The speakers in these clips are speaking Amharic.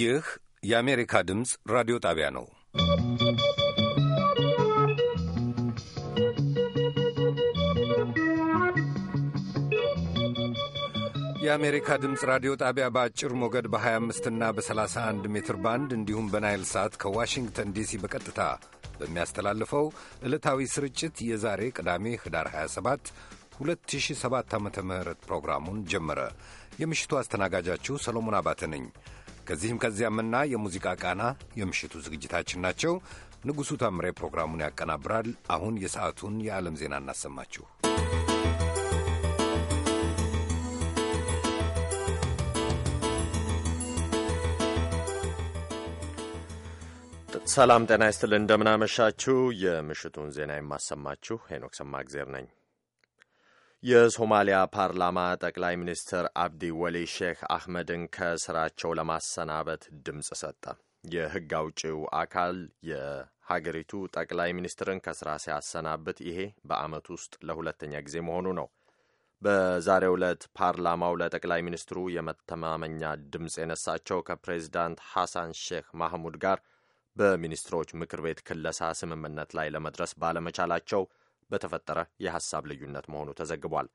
ይህ የአሜሪካ ድምፅ ራዲዮ ጣቢያ ነው። የአሜሪካ ድምፅ ራዲዮ ጣቢያ በአጭር ሞገድ በ25 እና በ31 ሜትር ባንድ እንዲሁም በናይል ሳት ከዋሽንግተን ዲሲ በቀጥታ በሚያስተላልፈው ዕለታዊ ስርጭት የዛሬ ቅዳሜ ህዳር 27 2007 ዓ ም ፕሮግራሙን ጀመረ። የምሽቱ አስተናጋጃችሁ ሰሎሞን አባተ ነኝ። ከዚህም ከዚያምና የሙዚቃ ቃና የምሽቱ ዝግጅታችን ናቸው። ንጉሡ ታምሬ ፕሮግራሙን ያቀናብራል። አሁን የሰዓቱን የዓለም ዜና እናሰማችሁ። ሰላም ጤና ይስጥል። እንደምናመሻችሁ። የምሽቱን ዜና የማሰማችሁ ሄኖክ ሰማእግዜር ነኝ። የሶማሊያ ፓርላማ ጠቅላይ ሚኒስትር አብዲ ወሊ ሼክ አህመድን ከስራቸው ለማሰናበት ድምፅ ሰጠ። የህግ አውጪው አካል የሀገሪቱ ጠቅላይ ሚኒስትርን ከስራ ሲያሰናብት ይሄ በአመት ውስጥ ለሁለተኛ ጊዜ መሆኑ ነው። በዛሬው ዕለት ፓርላማው ለጠቅላይ ሚኒስትሩ የመተማመኛ ድምፅ የነሳቸው ከፕሬዚዳንት ሐሳን ሼክ ማህሙድ ጋር በሚኒስትሮች ምክር ቤት ክለሳ ስምምነት ላይ ለመድረስ ባለመቻላቸው በተፈጠረ የሐሳብ ልዩነት መሆኑ ተዘግቧል።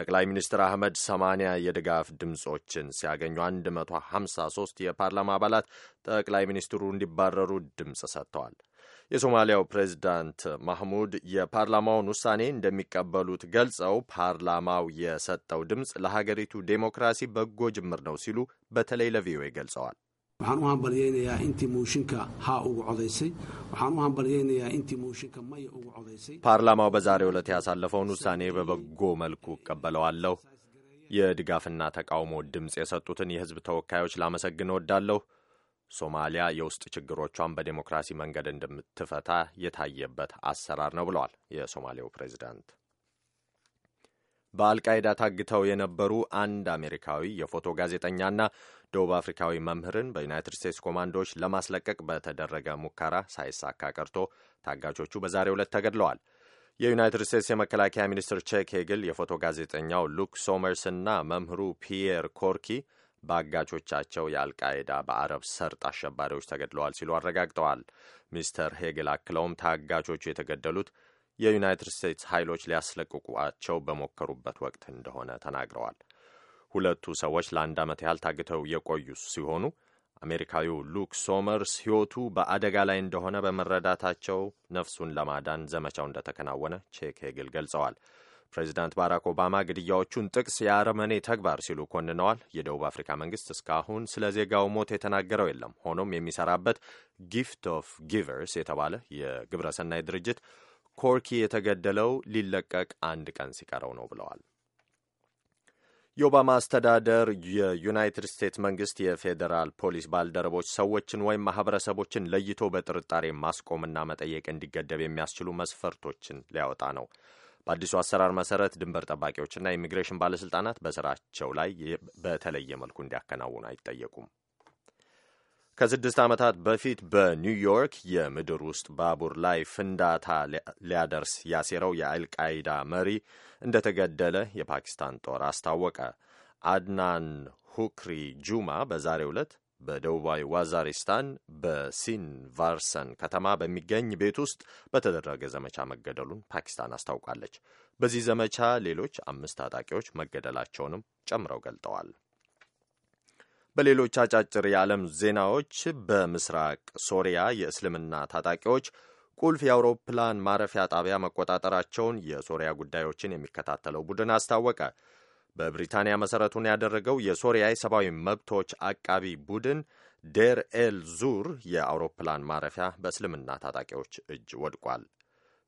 ጠቅላይ ሚኒስትር አህመድ 80 የድጋፍ ድምፆችን ሲያገኙ 153 የፓርላማ አባላት ጠቅላይ ሚኒስትሩ እንዲባረሩ ድምፅ ሰጥተዋል። የሶማሊያው ፕሬዚዳንት ማህሙድ የፓርላማውን ውሳኔ እንደሚቀበሉት ገልጸው ፓርላማው የሰጠው ድምፅ ለሀገሪቱ ዴሞክራሲ በጎ ጅምር ነው ሲሉ በተለይ ለቪኦኤ ገልጸዋል። waxaan u hambalyeynayaa intii muushinka ha ugu codaysay waxaan u hambalyeynayaa intii muushinka maya ugu codaysay ፓርላማው በዛሬው ዕለት ያሳለፈውን ውሳኔ በበጎ መልኩ እቀበለዋለሁ። የድጋፍና ተቃውሞ ድምፅ የሰጡትን የህዝብ ተወካዮች ላመሰግን እወዳለሁ። ሶማሊያ የውስጥ ችግሮቿን በዴሞክራሲ መንገድ እንደምትፈታ የታየበት አሰራር ነው ብለዋል የሶማሌው ፕሬዚዳንት። በአልቃይዳ ታግተው የነበሩ አንድ አሜሪካዊ የፎቶ ጋዜጠኛና ደቡብ አፍሪካዊ መምህርን በዩናይትድ ስቴትስ ኮማንዶዎች ለማስለቀቅ በተደረገ ሙከራ ሳይሳካ ቀርቶ ታጋቾቹ በዛሬው ዕለት ተገድለዋል። የዩናይትድ ስቴትስ የመከላከያ ሚኒስትር ቼክ ሄግል የፎቶ ጋዜጠኛው ሉክ ሶመርስና መምህሩ ፒየር ኮርኪ በአጋቾቻቸው የአልቃይዳ በአረብ ሰርጥ አሸባሪዎች ተገድለዋል ሲሉ አረጋግጠዋል። ሚስተር ሄግል አክለውም ታጋቾቹ የተገደሉት የዩናይትድ ስቴትስ ኃይሎች ሊያስለቅቋቸው በሞከሩበት ወቅት እንደሆነ ተናግረዋል። ሁለቱ ሰዎች ለአንድ ዓመት ያህል ታግተው የቆዩ ሲሆኑ አሜሪካዊው ሉክ ሶመርስ ሕይወቱ በአደጋ ላይ እንደሆነ በመረዳታቸው ነፍሱን ለማዳን ዘመቻው እንደተከናወነ ቼክ ሄግል ገልጸዋል። ፕሬዚዳንት ባራክ ኦባማ ግድያዎቹን ጥቅስ የአረመኔ ተግባር ሲሉ ኮንነዋል። የደቡብ አፍሪካ መንግስት እስካሁን ስለ ዜጋው ሞት የተናገረው የለም። ሆኖም የሚሰራበት ጊፍት ኦፍ ጊቨርስ የተባለ የግብረሰናይ ድርጅት ኮርኪ የተገደለው ሊለቀቅ አንድ ቀን ሲቀረው ነው ብለዋል። የኦባማ አስተዳደር የዩናይትድ ስቴትስ መንግስት የፌዴራል ፖሊስ ባልደረቦች ሰዎችን ወይም ማህበረሰቦችን ለይቶ በጥርጣሬ ማስቆምና መጠየቅ እንዲገደብ የሚያስችሉ መስፈርቶችን ሊያወጣ ነው። በአዲሱ አሰራር መሰረት ድንበር ጠባቂዎችና የኢሚግሬሽን ባለስልጣናት በስራቸው ላይ በተለየ መልኩ እንዲያከናውኑ አይጠየቁም። ከስድስት ዓመታት በፊት በኒውዮርክ የምድር ውስጥ ባቡር ላይ ፍንዳታ ሊያደርስ ያሴረው የአልቃይዳ መሪ እንደተገደለ የፓኪስታን ጦር አስታወቀ። አድናን ሁክሪ ጁማ በዛሬው ዕለት በደቡባዊ ዋዛሪስታን በሲን ቫርሰን ከተማ በሚገኝ ቤት ውስጥ በተደረገ ዘመቻ መገደሉን ፓኪስታን አስታውቃለች። በዚህ ዘመቻ ሌሎች አምስት ታጣቂዎች መገደላቸውንም ጨምረው ገልጠዋል። በሌሎች አጫጭር የዓለም ዜናዎች በምስራቅ ሶሪያ የእስልምና ታጣቂዎች ቁልፍ የአውሮፕላን ማረፊያ ጣቢያ መቆጣጠራቸውን የሶሪያ ጉዳዮችን የሚከታተለው ቡድን አስታወቀ። በብሪታንያ መሠረቱን ያደረገው የሶሪያ የሰብአዊ መብቶች አቃቢ ቡድን ዴር ኤል ዙር የአውሮፕላን ማረፊያ በእስልምና ታጣቂዎች እጅ ወድቋል።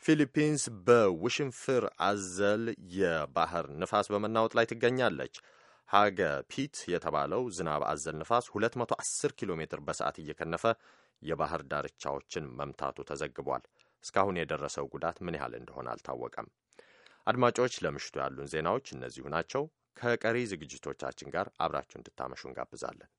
ፊሊፒንስ በውሽንፍር አዘል የባህር ንፋስ በመናወጥ ላይ ትገኛለች። ሃገ ፒት የተባለው ዝናብ አዘል ንፋስ 210 ኪሎ ሜትር በሰዓት እየከነፈ የባህር ዳርቻዎችን መምታቱ ተዘግቧል። እስካሁን የደረሰው ጉዳት ምን ያህል እንደሆነ አልታወቀም። አድማጮች፣ ለምሽቱ ያሉን ዜናዎች እነዚሁ ናቸው። ከቀሪ ዝግጅቶቻችን ጋር አብራችሁ እንድታመሹ እንጋብዛለን።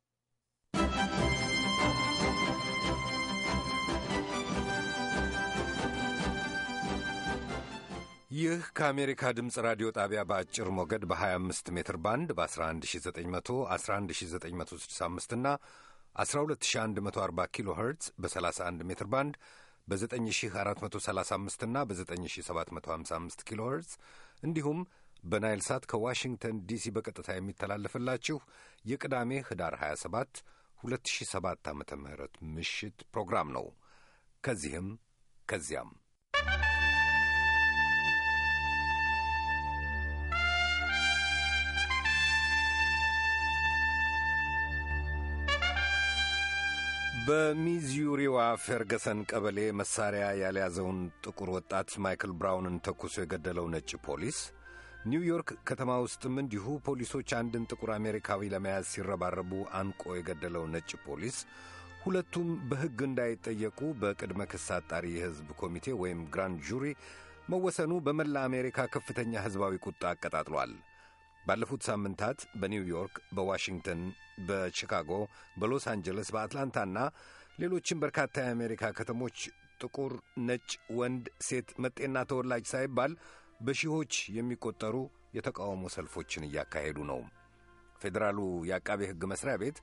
ይህ ከአሜሪካ ድምፅ ራዲዮ ጣቢያ በአጭር ሞገድ በ25 ሜትር ባንድ በ 11911965 እና 12140 ኪሎ ኸርትዝ በ31 ሜትር ባንድ በ9435 እና በ9755 ኪሎ ኸርትዝ እንዲሁም በናይል ሳት ከዋሽንግተን ዲሲ በቀጥታ የሚተላለፍላችሁ የቅዳሜ ህዳር 27 2007 ዓ ም ምሽት ፕሮግራም ነው። ከዚህም ከዚያም በሚዙሪዋ ፌርገሰን ቀበሌ መሳሪያ ያልያዘውን ጥቁር ወጣት ማይክል ብራውንን ተኩሶ የገደለው ነጭ ፖሊስ፣ ኒውዮርክ ከተማ ውስጥም እንዲሁ ፖሊሶች አንድን ጥቁር አሜሪካዊ ለመያዝ ሲረባረቡ አንቆ የገደለው ነጭ ፖሊስ ሁለቱም በሕግ እንዳይጠየቁ በቅድመ ክስ አጣሪ የሕዝብ ኮሚቴ ወይም ግራንድ ጁሪ መወሰኑ በመላ አሜሪካ ከፍተኛ ሕዝባዊ ቁጣ አቀጣጥሏል። ባለፉት ሳምንታት በኒውዮርክ፣ በዋሽንግተን፣ በቺካጎ፣ በሎስ አንጀለስ፣ በአትላንታና ሌሎችም በርካታ የአሜሪካ ከተሞች ጥቁር፣ ነጭ፣ ወንድ፣ ሴት፣ መጤና ተወላጅ ሳይባል በሺዎች የሚቆጠሩ የተቃውሞ ሰልፎችን እያካሄዱ ነው። ፌዴራሉ የአቃቤ ሕግ መሥሪያ ቤት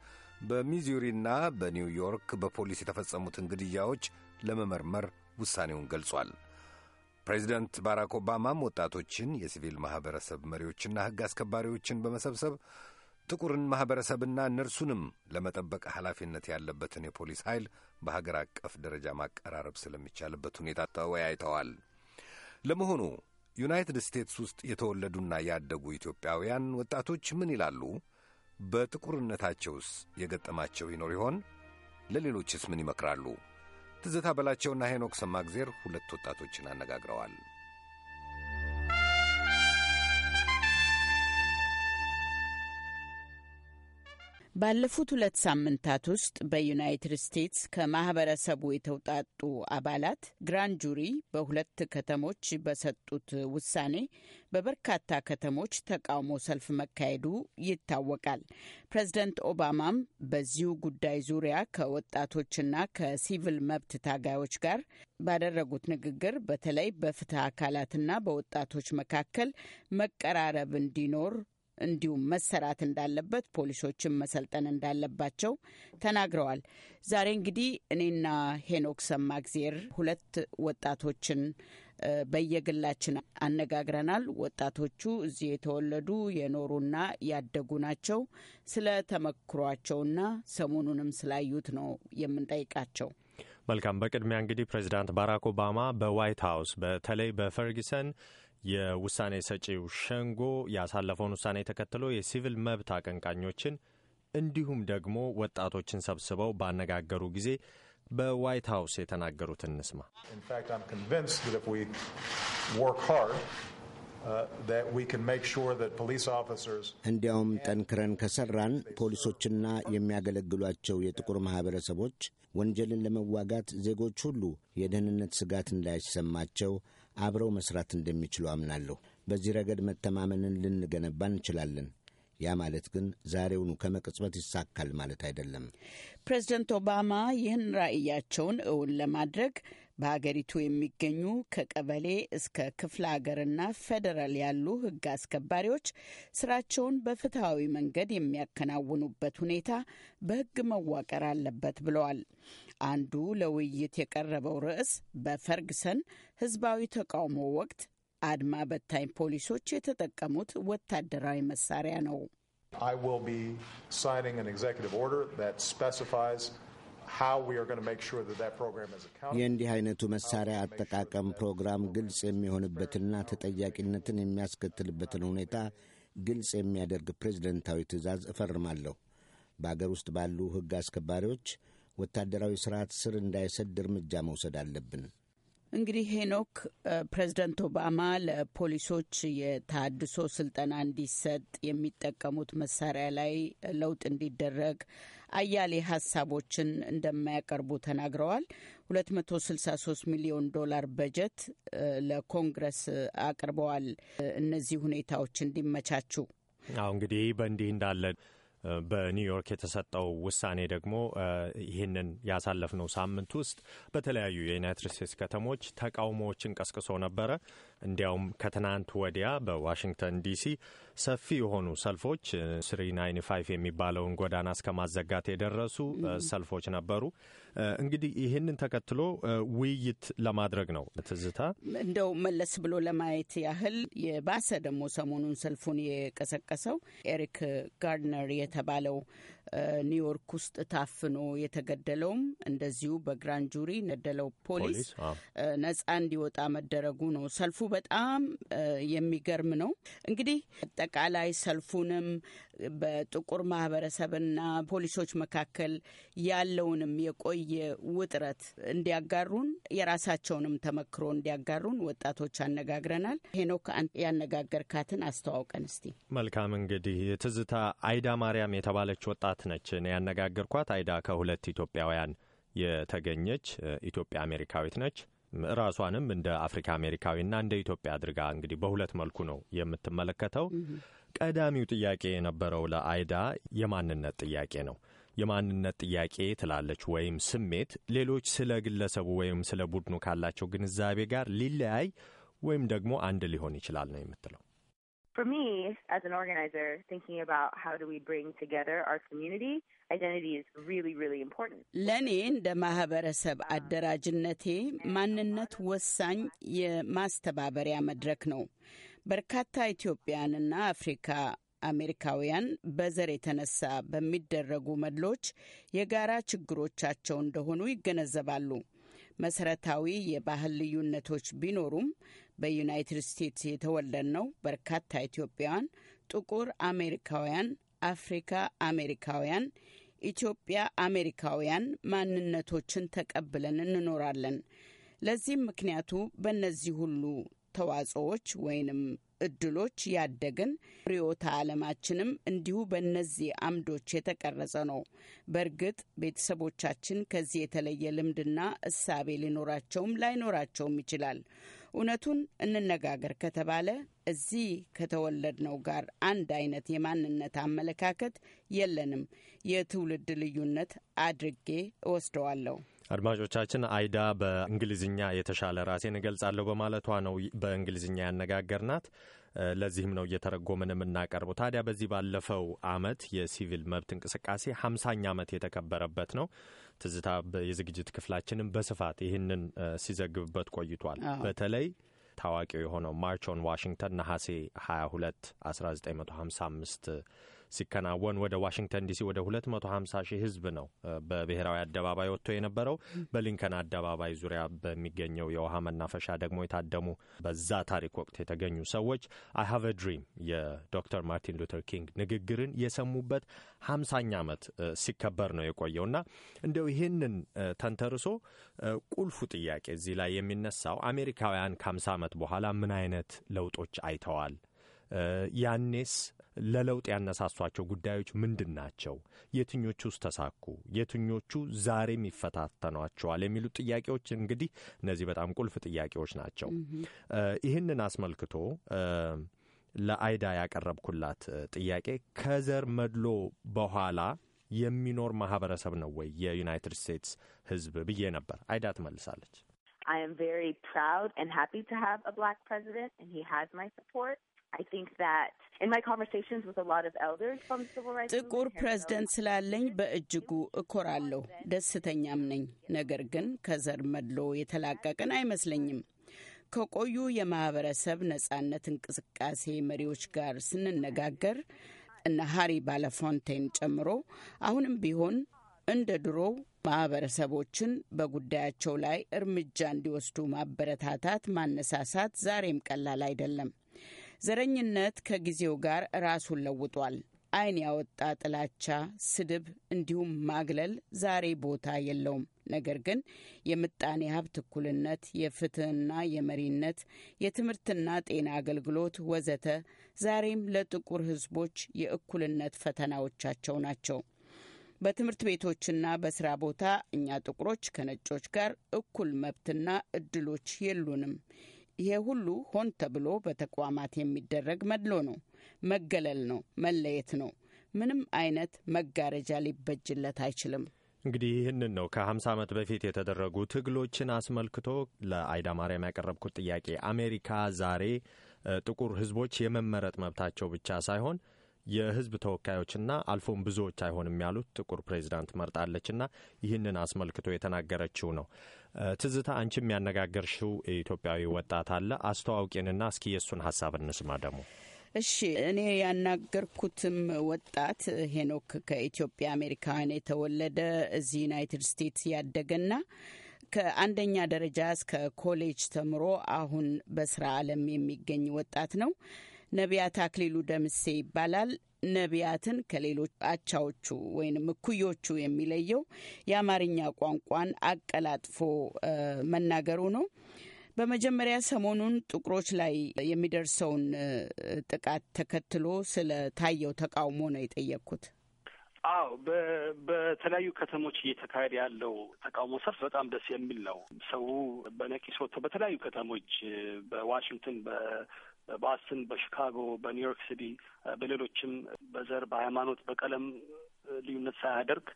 በሚዙሪና በኒውዮርክ በፖሊስ የተፈጸሙትን ግድያዎች ለመመርመር ውሳኔውን ገልጿል። ፕሬዚደንት ባራክ ኦባማም ወጣቶችን፣ የሲቪል ማኅበረሰብ መሪዎችና ሕግ አስከባሪዎችን በመሰብሰብ ጥቁርን ማኅበረሰብና እነርሱንም ለመጠበቅ ኃላፊነት ያለበትን የፖሊስ ኃይል በሀገር አቀፍ ደረጃ ማቀራረብ ስለሚቻልበት ሁኔታ ተወያይተዋል። ለመሆኑ ዩናይትድ ስቴትስ ውስጥ የተወለዱና ያደጉ ኢትዮጵያውያን ወጣቶች ምን ይላሉ? በጥቁርነታቸውስ የገጠማቸው ይኖር ይሆን? ለሌሎችስ ምን ይመክራሉ? ትዝታ በላቸውና ሄኖክ ሰማግዜር ሁለት ወጣቶችን አነጋግረዋል። ባለፉት ሁለት ሳምንታት ውስጥ በዩናይትድ ስቴትስ ከማህበረሰቡ የተውጣጡ አባላት ግራንድ ጁሪ በሁለት ከተሞች በሰጡት ውሳኔ በበርካታ ከተሞች ተቃውሞ ሰልፍ መካሄዱ ይታወቃል። ፕሬዝደንት ኦባማም በዚሁ ጉዳይ ዙሪያ ከወጣቶችና ከሲቪል መብት ታጋዮች ጋር ባደረጉት ንግግር በተለይ በፍትህ አካላትና በወጣቶች መካከል መቀራረብ እንዲኖር እንዲሁም መሰራት እንዳለበት ፖሊሶችን መሰልጠን እንዳለባቸው ተናግረዋል። ዛሬ እንግዲህ እኔና ሄኖክ ሰማግዜር ሁለት ወጣቶችን በየግላችን አነጋግረናል። ወጣቶቹ እዚህ የተወለዱ የኖሩና ያደጉ ናቸው። ስለ ተመክሯቸውና ሰሞኑንም ስላዩት ነው የምንጠይቃቸው። መልካም። በቅድሚያ እንግዲህ ፕሬዚዳንት ባራክ ኦባማ በዋይት ሀውስ በተለይ በፈርጊሰን የውሳኔ ሰጪው ሸንጎ ያሳለፈውን ውሳኔ ተከትሎ የሲቪል መብት አቀንቃኞችን እንዲሁም ደግሞ ወጣቶችን ሰብስበው ባነጋገሩ ጊዜ በዋይት ሀውስ የተናገሩት እንስማ። uh, እንዲያውም ጠንክረን ከሰራን ፖሊሶችና የሚያገለግሏቸው የጥቁር ማህበረሰቦች ወንጀልን ለመዋጋት ዜጎች ሁሉ የደህንነት ስጋት እንዳይሰማቸው አብረው መስራት እንደሚችሉ አምናለሁ። በዚህ ረገድ መተማመንን ልንገነባ እንችላለን። ያ ማለት ግን ዛሬውኑ ከመቅጽበት ይሳካል ማለት አይደለም። ፕሬዝደንት ኦባማ ይህን ራዕያቸውን እውን ለማድረግ በሀገሪቱ የሚገኙ ከቀበሌ እስከ ክፍለ ሀገርና ፌዴራል ያሉ ሕግ አስከባሪዎች ስራቸውን በፍትሐዊ መንገድ የሚያከናውኑበት ሁኔታ በሕግ መዋቀር አለበት ብለዋል። አንዱ ለውይይት የቀረበው ርዕስ በፈርግሰን ህዝባዊ ተቃውሞ ወቅት አድማ በታኝ ፖሊሶች የተጠቀሙት ወታደራዊ መሳሪያ ነው። የእንዲህ አይነቱ መሳሪያ አጠቃቀም ፕሮግራም ግልጽ የሚሆንበትና ተጠያቂነትን የሚያስከትልበትን ሁኔታ ግልጽ የሚያደርግ ፕሬዝደንታዊ ትዕዛዝ እፈርማለሁ። በአገር ውስጥ ባሉ ሕግ አስከባሪዎች ወታደራዊ ስርዓት ስር እንዳይሰድ እርምጃ መውሰድ አለብን። እንግዲህ ሄኖክ ፕሬዝደንት ኦባማ ለፖሊሶች የታድሶ ስልጠና እንዲሰጥ የሚጠቀሙት መሳሪያ ላይ ለውጥ እንዲደረግ አያሌ ሀሳቦችን እንደማያቀርቡ ተናግረዋል። 263 ሚሊዮን ዶላር በጀት ለኮንግረስ አቅርበዋል። እነዚህ ሁኔታዎች እንዲመቻቹ አሁ እንግዲህ በእንዲህ እንዳለ በኒውዮርክ የተሰጠው ውሳኔ ደግሞ ይህንን ያሳለፍነው ሳምንት ውስጥ በተለያዩ የዩናይትድ ስቴትስ ከተሞች ተቃውሞዎችን ቀስቅሶ ነበረ። እንዲያውም ከትናንት ወዲያ በዋሽንግተን ዲሲ ሰፊ የሆኑ ሰልፎች ስሪ ናይን ፋይቭ የሚባለውን ጎዳና እስከ ማዘጋት የደረሱ ሰልፎች ነበሩ። እንግዲህ ይህንን ተከትሎ ውይይት ለማድረግ ነው። ትዝታ፣ እንደው መለስ ብሎ ለማየት ያህል የባሰ ደግሞ ሰሞኑን ሰልፉን የቀሰቀሰው ኤሪክ ጋርድነር የተባለው ኒውዮርክ ውስጥ ታፍኖ የተገደለውም እንደዚሁ በግራንድ ጁሪ ነደለው ፖሊስ ነጻ እንዲወጣ መደረጉ ነው። ሰልፉ በጣም የሚገርም ነው። እንግዲህ አጠቃላይ ሰልፉንም በጥቁር ማህበረሰብና ፖሊሶች መካከል ያለውንም የቆየ ውጥረት እንዲያጋሩን የራሳቸውንም ተመክሮ እንዲያጋሩን ወጣቶች አነጋግረናል። ሄኖክ ያነጋገርካትን አስተዋውቀን እስቲ። መልካም እንግዲህ ትዝታ አይዳ ማርያም የተባለች ወጣት ነች ያነጋገርኳት። አይዳ ከሁለት ኢትዮጵያውያን የተገኘች ኢትዮጵያ አሜሪካዊት ነች። ራሷንም እንደ አፍሪካ አሜሪካዊና እንደ ኢትዮጵያ አድርጋ እንግዲህ በሁለት መልኩ ነው የምትመለከተው። ቀዳሚው ጥያቄ የነበረው ለአይዳ የማንነት ጥያቄ ነው። የማንነት ጥያቄ ትላለች ወይም ስሜት ሌሎች ስለ ግለሰቡ ወይም ስለ ቡድኑ ካላቸው ግንዛቤ ጋር ሊለያይ ወይም ደግሞ አንድ ሊሆን ይችላል ነው የምትለው። for me, as an organizer, thinking about how do we bring together our community, identity is really, really important. ለእኔ እንደ ማህበረሰብ አደራጅነቴ ማንነት ወሳኝ የማስተባበሪያ መድረክ ነው። በርካታ ኢትዮጵያንና አፍሪካ አሜሪካውያን በዘር የተነሳ በሚደረጉ መድሎች የጋራ ችግሮቻቸው እንደሆኑ ይገነዘባሉ። መሰረታዊ የባህል ልዩነቶች ቢኖሩም በዩናይትድ ስቴትስ የተወለድ ነው። በርካታ ኢትዮጵያውያን፣ ጥቁር አሜሪካውያን፣ አፍሪካ አሜሪካውያን፣ ኢትዮጵያ አሜሪካውያን ማንነቶችን ተቀብለን እንኖራለን። ለዚህም ምክንያቱ በእነዚህ ሁሉ ተዋጽኦዎች ወይንም እድሎች ያደግን ርዕዮተ ዓለማችንም እንዲሁ በእነዚህ አምዶች የተቀረጸ ነው። በእርግጥ ቤተሰቦቻችን ከዚህ የተለየ ልምድና እሳቤ ሊኖራቸውም ላይኖራቸውም ይችላል። እውነቱን እንነጋገር ከተባለ እዚህ ከተወለድነው ጋር አንድ አይነት የማንነት አመለካከት የለንም። የትውልድ ልዩነት አድርጌ እወስደዋለሁ። አድማጮቻችን አይዳ በእንግሊዝኛ የተሻለ ራሴን እገልጻለሁ በማለቷ ነው በእንግሊዝኛ ያነጋገርናት። ለዚህም ነው እየተረጎምን የምናቀርበው። ታዲያ በዚህ ባለፈው አመት የሲቪል መብት እንቅስቃሴ ሀምሳኛ ዓመት የተከበረበት ነው። ትዝታ የዝግጅት ክፍላችንም በስፋት ይህንን ሲዘግብበት ቆይቷል። በተለይ ታዋቂው የሆነው ማርች ኦን ዋሽንግተን ነሐሴ 22 1955 ሲከናወን ወደ ዋሽንግተን ዲሲ ወደ 250 ሺህ ህዝብ ነው በብሔራዊ አደባባይ ወጥቶ የነበረው። በሊንከን አደባባይ ዙሪያ በሚገኘው የውሃ መናፈሻ ደግሞ የታደሙ በዛ ታሪክ ወቅት የተገኙ ሰዎች አይ ሃቭ ድሪም የዶክተር ማርቲን ሉተር ኪንግ ንግግርን የሰሙበት 50ኛ ዓመት ሲከበር ነው የቆየው እና እንደው ይህንን ተንተርሶ ቁልፉ ጥያቄ እዚህ ላይ የሚነሳው አሜሪካውያን ከ50 ዓመት በኋላ ምን አይነት ለውጦች አይተዋል? ያኔስ ለለውጥ ያነሳሷቸው ጉዳዮች ምንድን ናቸው? የትኞቹ ውስጥ ተሳኩ? የትኞቹ ዛሬም ይፈታተኗቸዋል? የሚሉ ጥያቄዎች እንግዲህ እነዚህ በጣም ቁልፍ ጥያቄዎች ናቸው። ይህንን አስመልክቶ ለአይዳ ያቀረብኩላት ጥያቄ ከዘር መድሎ በኋላ የሚኖር ማህበረሰብ ነው ወይ የዩናይትድ ስቴትስ ህዝብ ብዬ ነበር። አይዳ ትመልሳለች። I am very proud and happy to have a black president, and he has my support. ጥቁር ፕሬዝደንት ስላለኝ በእጅጉ እኮራለሁ፣ ደስተኛም ነኝ። ነገር ግን ከዘር መድሎ የተላቀቅን አይመስለኝም። ከቆዩ የማህበረሰብ ነጻነት እንቅስቃሴ መሪዎች ጋር ስንነጋገር እነ ሀሪ ባለፎንቴን ጨምሮ አሁንም ቢሆን እንደ ድሮው ማህበረሰቦችን በጉዳያቸው ላይ እርምጃ እንዲወስዱ ማበረታታት፣ ማነሳሳት ዛሬም ቀላል አይደለም። ዘረኝነት ከጊዜው ጋር ራሱን ለውጧል። ዓይን ያወጣ ጥላቻ፣ ስድብ እንዲሁም ማግለል ዛሬ ቦታ የለውም። ነገር ግን የምጣኔ ሀብት እኩልነት፣ የፍትህና የመሪነት፣ የትምህርትና ጤና አገልግሎት ወዘተ ዛሬም ለጥቁር ህዝቦች የእኩልነት ፈተናዎቻቸው ናቸው። በትምህርት ቤቶችና በስራ ቦታ እኛ ጥቁሮች ከነጮች ጋር እኩል መብትና እድሎች የሉንም። ይሄ ሁሉ ሆን ተብሎ በተቋማት የሚደረግ መድሎ ነው፣ መገለል ነው፣ መለየት ነው። ምንም አይነት መጋረጃ ሊበጅለት አይችልም። እንግዲህ ይህንን ነው ከ50 ዓመት በፊት የተደረጉ ትግሎችን አስመልክቶ ለአይዳ ማርያም ያቀረብኩት ጥያቄ። አሜሪካ ዛሬ ጥቁር ሕዝቦች የመመረጥ መብታቸው ብቻ ሳይሆን የህዝብ ተወካዮችና አልፎም ብዙዎች አይሆንም ያሉት ጥቁር ፕሬዚዳንት መርጣለችና ይህንን አስመልክቶ የተናገረችው ነው። ትዝታ፣ አንቺ የሚያነጋገርሽው የኢትዮጵያዊ ወጣት አለ። አስተዋውቂንና እስኪ የእሱን ሀሳብ እንስማ ደግሞ። እሺ እኔ ያናገርኩትም ወጣት ሄኖክ ከኢትዮጵያ አሜሪካን የተወለደ እዚህ ዩናይትድ ስቴትስ ያደገና ከአንደኛ ደረጃ እስከ ኮሌጅ ተምሮ አሁን በስራ አለም የሚገኝ ወጣት ነው። ነቢያት አክሊሉ ደምሴ ይባላል። ነቢያትን ከሌሎች አቻዎቹ ወይም እኩዮቹ የሚለየው የአማርኛ ቋንቋን አቀላጥፎ መናገሩ ነው። በመጀመሪያ ሰሞኑን ጥቁሮች ላይ የሚደርሰውን ጥቃት ተከትሎ ስለታየው ተቃውሞ ነው የጠየቅኩት። አዎ በተለያዩ ከተሞች እየተካሄደ ያለው ተቃውሞ ሰልፍ በጣም ደስ የሚል ነው። ሰው በነቂስ ወጥቶ በተለያዩ ከተሞች በዋሽንግተን በአስትን በሽካጎ በኒውዮርክ ሲቲ በሌሎችም በዘር በሃይማኖት በቀለም ልዩነት ሳያደርግ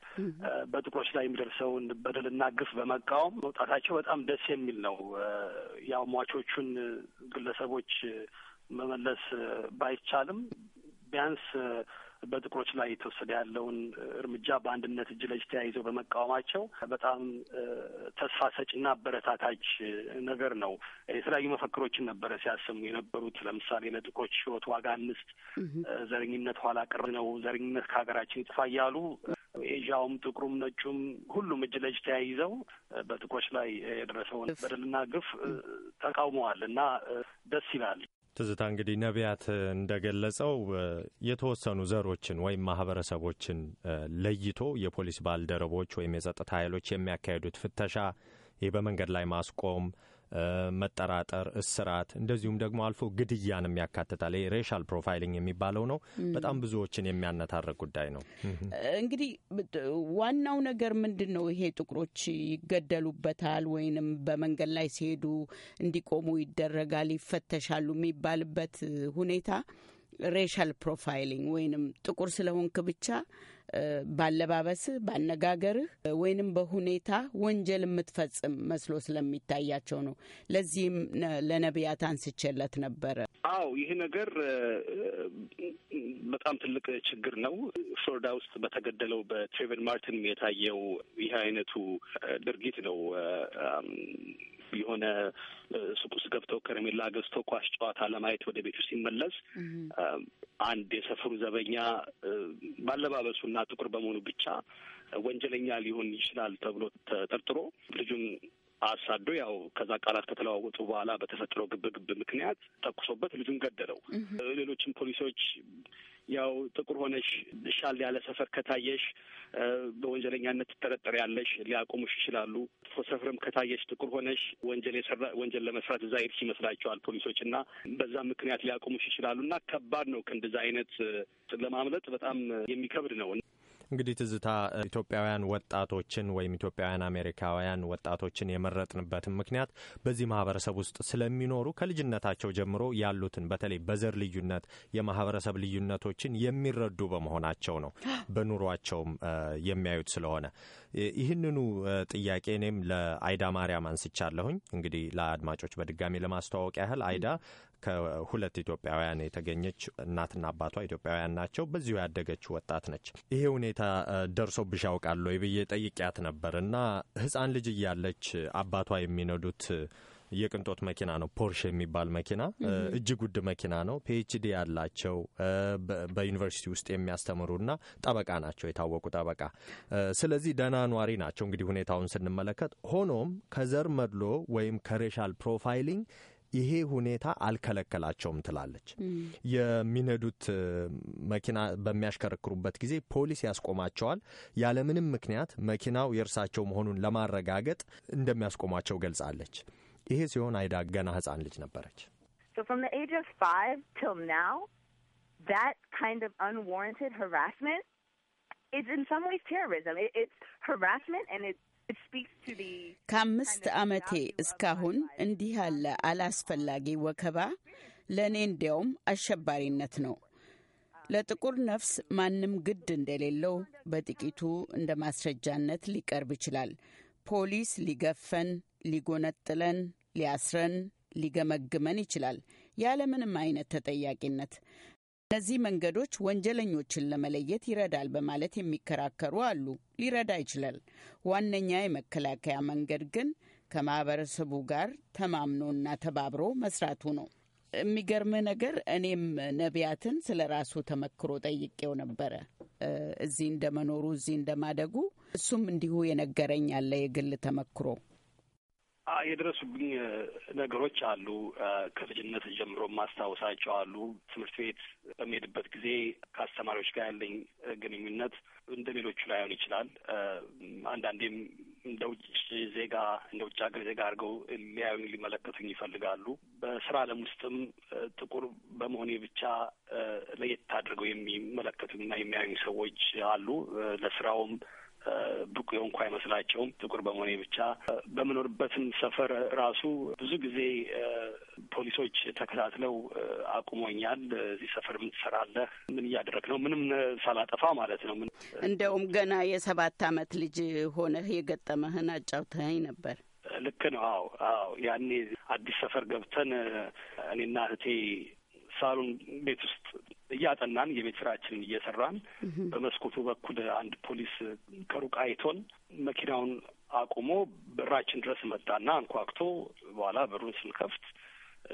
በጥቁሮች ላይ የሚደርሰውን በደልና ግፍ በመቃወም መውጣታቸው በጣም ደስ የሚል ነው። ያው ሟቾቹን ግለሰቦች መመለስ ባይቻልም ቢያንስ በጥቁሮች ላይ የተወሰደ ያለውን እርምጃ በአንድነት እጅ ለእጅ ተያይዘው በመቃወማቸው በጣም ተስፋ ሰጭና አበረታታች ነገር ነው። የተለያዩ መፈክሮችን ነበረ ሲያሰሙ የነበሩት። ለምሳሌ ለጥቁሮች ሕይወት ዋጋ አንስት፣ ዘረኝነት ኋላ ቀር ነው፣ ዘረኝነት ከሀገራችን ይጥፋ እያሉ ኤዥያውም ጥቁሩም ነጩም ሁሉም እጅ ለእጅ ተያይዘው በጥቁሮች ላይ የደረሰውን በደልና ግፍ ተቃውመዋል እና ደስ ይላል። ትዝታ እንግዲህ ነቢያት እንደገለጸው የተወሰኑ ዘሮችን ወይም ማህበረሰቦችን ለይቶ የፖሊስ ባልደረቦች ወይም የጸጥታ ኃይሎች የሚያካሂዱት ፍተሻ ይህ በመንገድ ላይ ማስቆም መጠራጠር፣ እስራት እንደዚሁም ደግሞ አልፎ ግድያንም ያካትታል። ሬሻል ፕሮፋይሊንግ የሚባለው ነው። በጣም ብዙዎችን የሚያነታረቅ ጉዳይ ነው። እንግዲህ ዋናው ነገር ምንድን ነው? ይሄ ጥቁሮች ይገደሉበታል ወይንም በመንገድ ላይ ሲሄዱ እንዲቆሙ ይደረጋል፣ ይፈተሻሉ የሚባልበት ሁኔታ ሬሻል ፕሮፋይሊንግ ወይንም ጥቁር ስለሆንክ ብቻ ባለባበስህ፣ ባነጋገርህ ወይንም በሁኔታ ወንጀል የምትፈጽም መስሎ ስለሚታያቸው ነው። ለዚህም ለነቢያት አንስቼለት ነበረ። አዎ ይህ ነገር በጣም ትልቅ ችግር ነው። ፍሎሪዳ ውስጥ በተገደለው በትሬቨን ማርቲን የታየው ይህ አይነቱ ድርጊት ነው የሆነ ሱቅ ውስጥ ገብተው ከረሜላ ገዝቶ ኳስ ጨዋታ ለማየት ወደ ቤቱ ሲመለስ አንድ የሰፈሩ ዘበኛ ባለባበሱና ጥቁር በመሆኑ ብቻ ወንጀለኛ ሊሆን ይችላል ተብሎ ተጠርጥሮ ልጁን አሳዶ ያው ከዛ ቃላት ከተለዋወጡ በኋላ በተፈጠረው ግብግብ ምክንያት ተኩሶበት ልጁን ገደለው። ሌሎችም ፖሊሶች ያው ጥቁር ሆነሽ ሻል ያለ ሰፈር ከታየሽ በወንጀለኛነት ትጠረጠር ያለሽ ሊያቆሙሽ ይችላሉ። ሰፈርም ከታየሽ ጥቁር ሆነሽ ወንጀል የሰራ ወንጀል ለመስራት እዛ ሄድሽ ይመስላቸዋል ፖሊሶች እና በዛ ምክንያት ሊያቆሙሽ ይችላሉ እና ከባድ ነው ከእንደዛ አይነት ለማምለጥ በጣም የሚከብድ ነው። እንግዲህ ትዝታ ኢትዮጵያውያን ወጣቶችን ወይም ኢትዮጵያውያን አሜሪካውያን ወጣቶችን የመረጥንበትን ምክንያት በዚህ ማህበረሰብ ውስጥ ስለሚኖሩ ከልጅነታቸው ጀምሮ ያሉትን በተለይ በዘር ልዩነት፣ የማህበረሰብ ልዩነቶችን የሚረዱ በመሆናቸው ነው። በኑሯቸውም የሚያዩት ስለሆነ ይህንኑ ጥያቄ እኔም ለአይዳ ማርያም አንስቻለሁኝ። እንግዲህ ለአድማጮች በድጋሚ ለማስተዋወቅ ያህል አይዳ ከሁለት ኢትዮጵያውያን የተገኘች እናትና አባቷ ኢትዮጵያውያን ናቸው። በዚሁ ያደገች ወጣት ነች። ይሄ ሁኔታ ደርሶብሽ ያውቃል ወይ ብዬ ጠይቄያት ነበር እና ህፃን ልጅ እያለች አባቷ የሚነዱት የቅንጦት መኪና ነው። ፖርሽ የሚባል መኪና እጅግ ውድ መኪና ነው። ፒኤችዲ ያላቸው በዩኒቨርሲቲ ውስጥ የሚያስተምሩና ጠበቃ ናቸው፣ የታወቁ ጠበቃ። ስለዚህ ደህና ኗሪ ናቸው። እንግዲህ ሁኔታውን ስንመለከት ሆኖም ከዘር መድሎ ወይም ከሬሻል ፕሮፋይሊንግ ይሄ ሁኔታ አልከለከላቸውም ትላለች። የሚነዱት መኪና በሚያሽከረክሩበት ጊዜ ፖሊስ ያስቆማቸዋል። ያለምንም ምክንያት መኪናው የእርሳቸው መሆኑን ለማረጋገጥ እንደሚያስቆማቸው ገልጻለች። ይሄ ሲሆን አይዳ ገና ሕፃን ልጅ ነበረች። ከአምስት ዓመቴ እስካሁን እንዲህ ያለ አላስፈላጊ ወከባ ለእኔ እንዲያውም አሸባሪነት ነው። ለጥቁር ነፍስ ማንም ግድ እንደሌለው በጥቂቱ እንደ ማስረጃነት ሊቀርብ ይችላል። ፖሊስ ሊገፈን፣ ሊጎነጥለን፣ ሊያስረን፣ ሊገመግመን ይችላል ያለምንም አይነት ተጠያቂነት። እነዚህ መንገዶች ወንጀለኞችን ለመለየት ይረዳል በማለት የሚከራከሩ አሉ። ሊረዳ ይችላል። ዋነኛ የመከላከያ መንገድ ግን ከማህበረሰቡ ጋር ተማምኖና ተባብሮ መስራቱ ነው። የሚገርም ነገር እኔም ነቢያትን ስለ ራሱ ተመክሮ ጠይቄው ነበረ። እዚህ እንደመኖሩ እዚህ እንደማደጉ እሱም እንዲሁ የነገረኝ ያለ የግል ተመክሮ የደረሱብኝ ነገሮች አሉ። ከልጅነት ጀምሮ ማስታወሳቸው አሉ። ትምህርት ቤት በሚሄድበት ጊዜ ከአስተማሪዎች ጋር ያለኝ ግንኙነት እንደ ሌሎቹ ላይሆን ይችላል። አንዳንዴም እንደ ውጭ ዜጋ እንደ ውጭ ሀገር ዜጋ አድርገው ሊያዩኝ ሊመለከቱኝ ይፈልጋሉ። በስራ አለም ውስጥም ጥቁር በመሆኔ ብቻ ለየት አድርገው የሚመለከቱኝና የሚያዩኝ ሰዎች አሉ። ለስራውም ብቁ የሆንኩ አይመስላቸውም። ጥቁር በመሆኔ ብቻ በምኖርበትን ሰፈር ራሱ ብዙ ጊዜ ፖሊሶች ተከታትለው አቁሞኛል። እዚህ ሰፈር ምን ትሰራለህ? ምን እያደረግ ነው? ምንም ሳላጠፋ ማለት ነው። እንደውም ገና የሰባት አመት ልጅ ሆነህ የገጠመህን አጫውተኸኝ ነበር። ልክ ነው። አዎ፣ አዎ። ያኔ አዲስ ሰፈር ገብተን እኔና እህቴ ሳሎን ቤት ውስጥ እያጠናን የቤት ስራችንን እየሰራን በመስኮቱ በኩል አንድ ፖሊስ ከሩቅ አይቶን መኪናውን አቁሞ በራችን ድረስ መጣና አንኳክቶ በኋላ በሩን ስንከፍት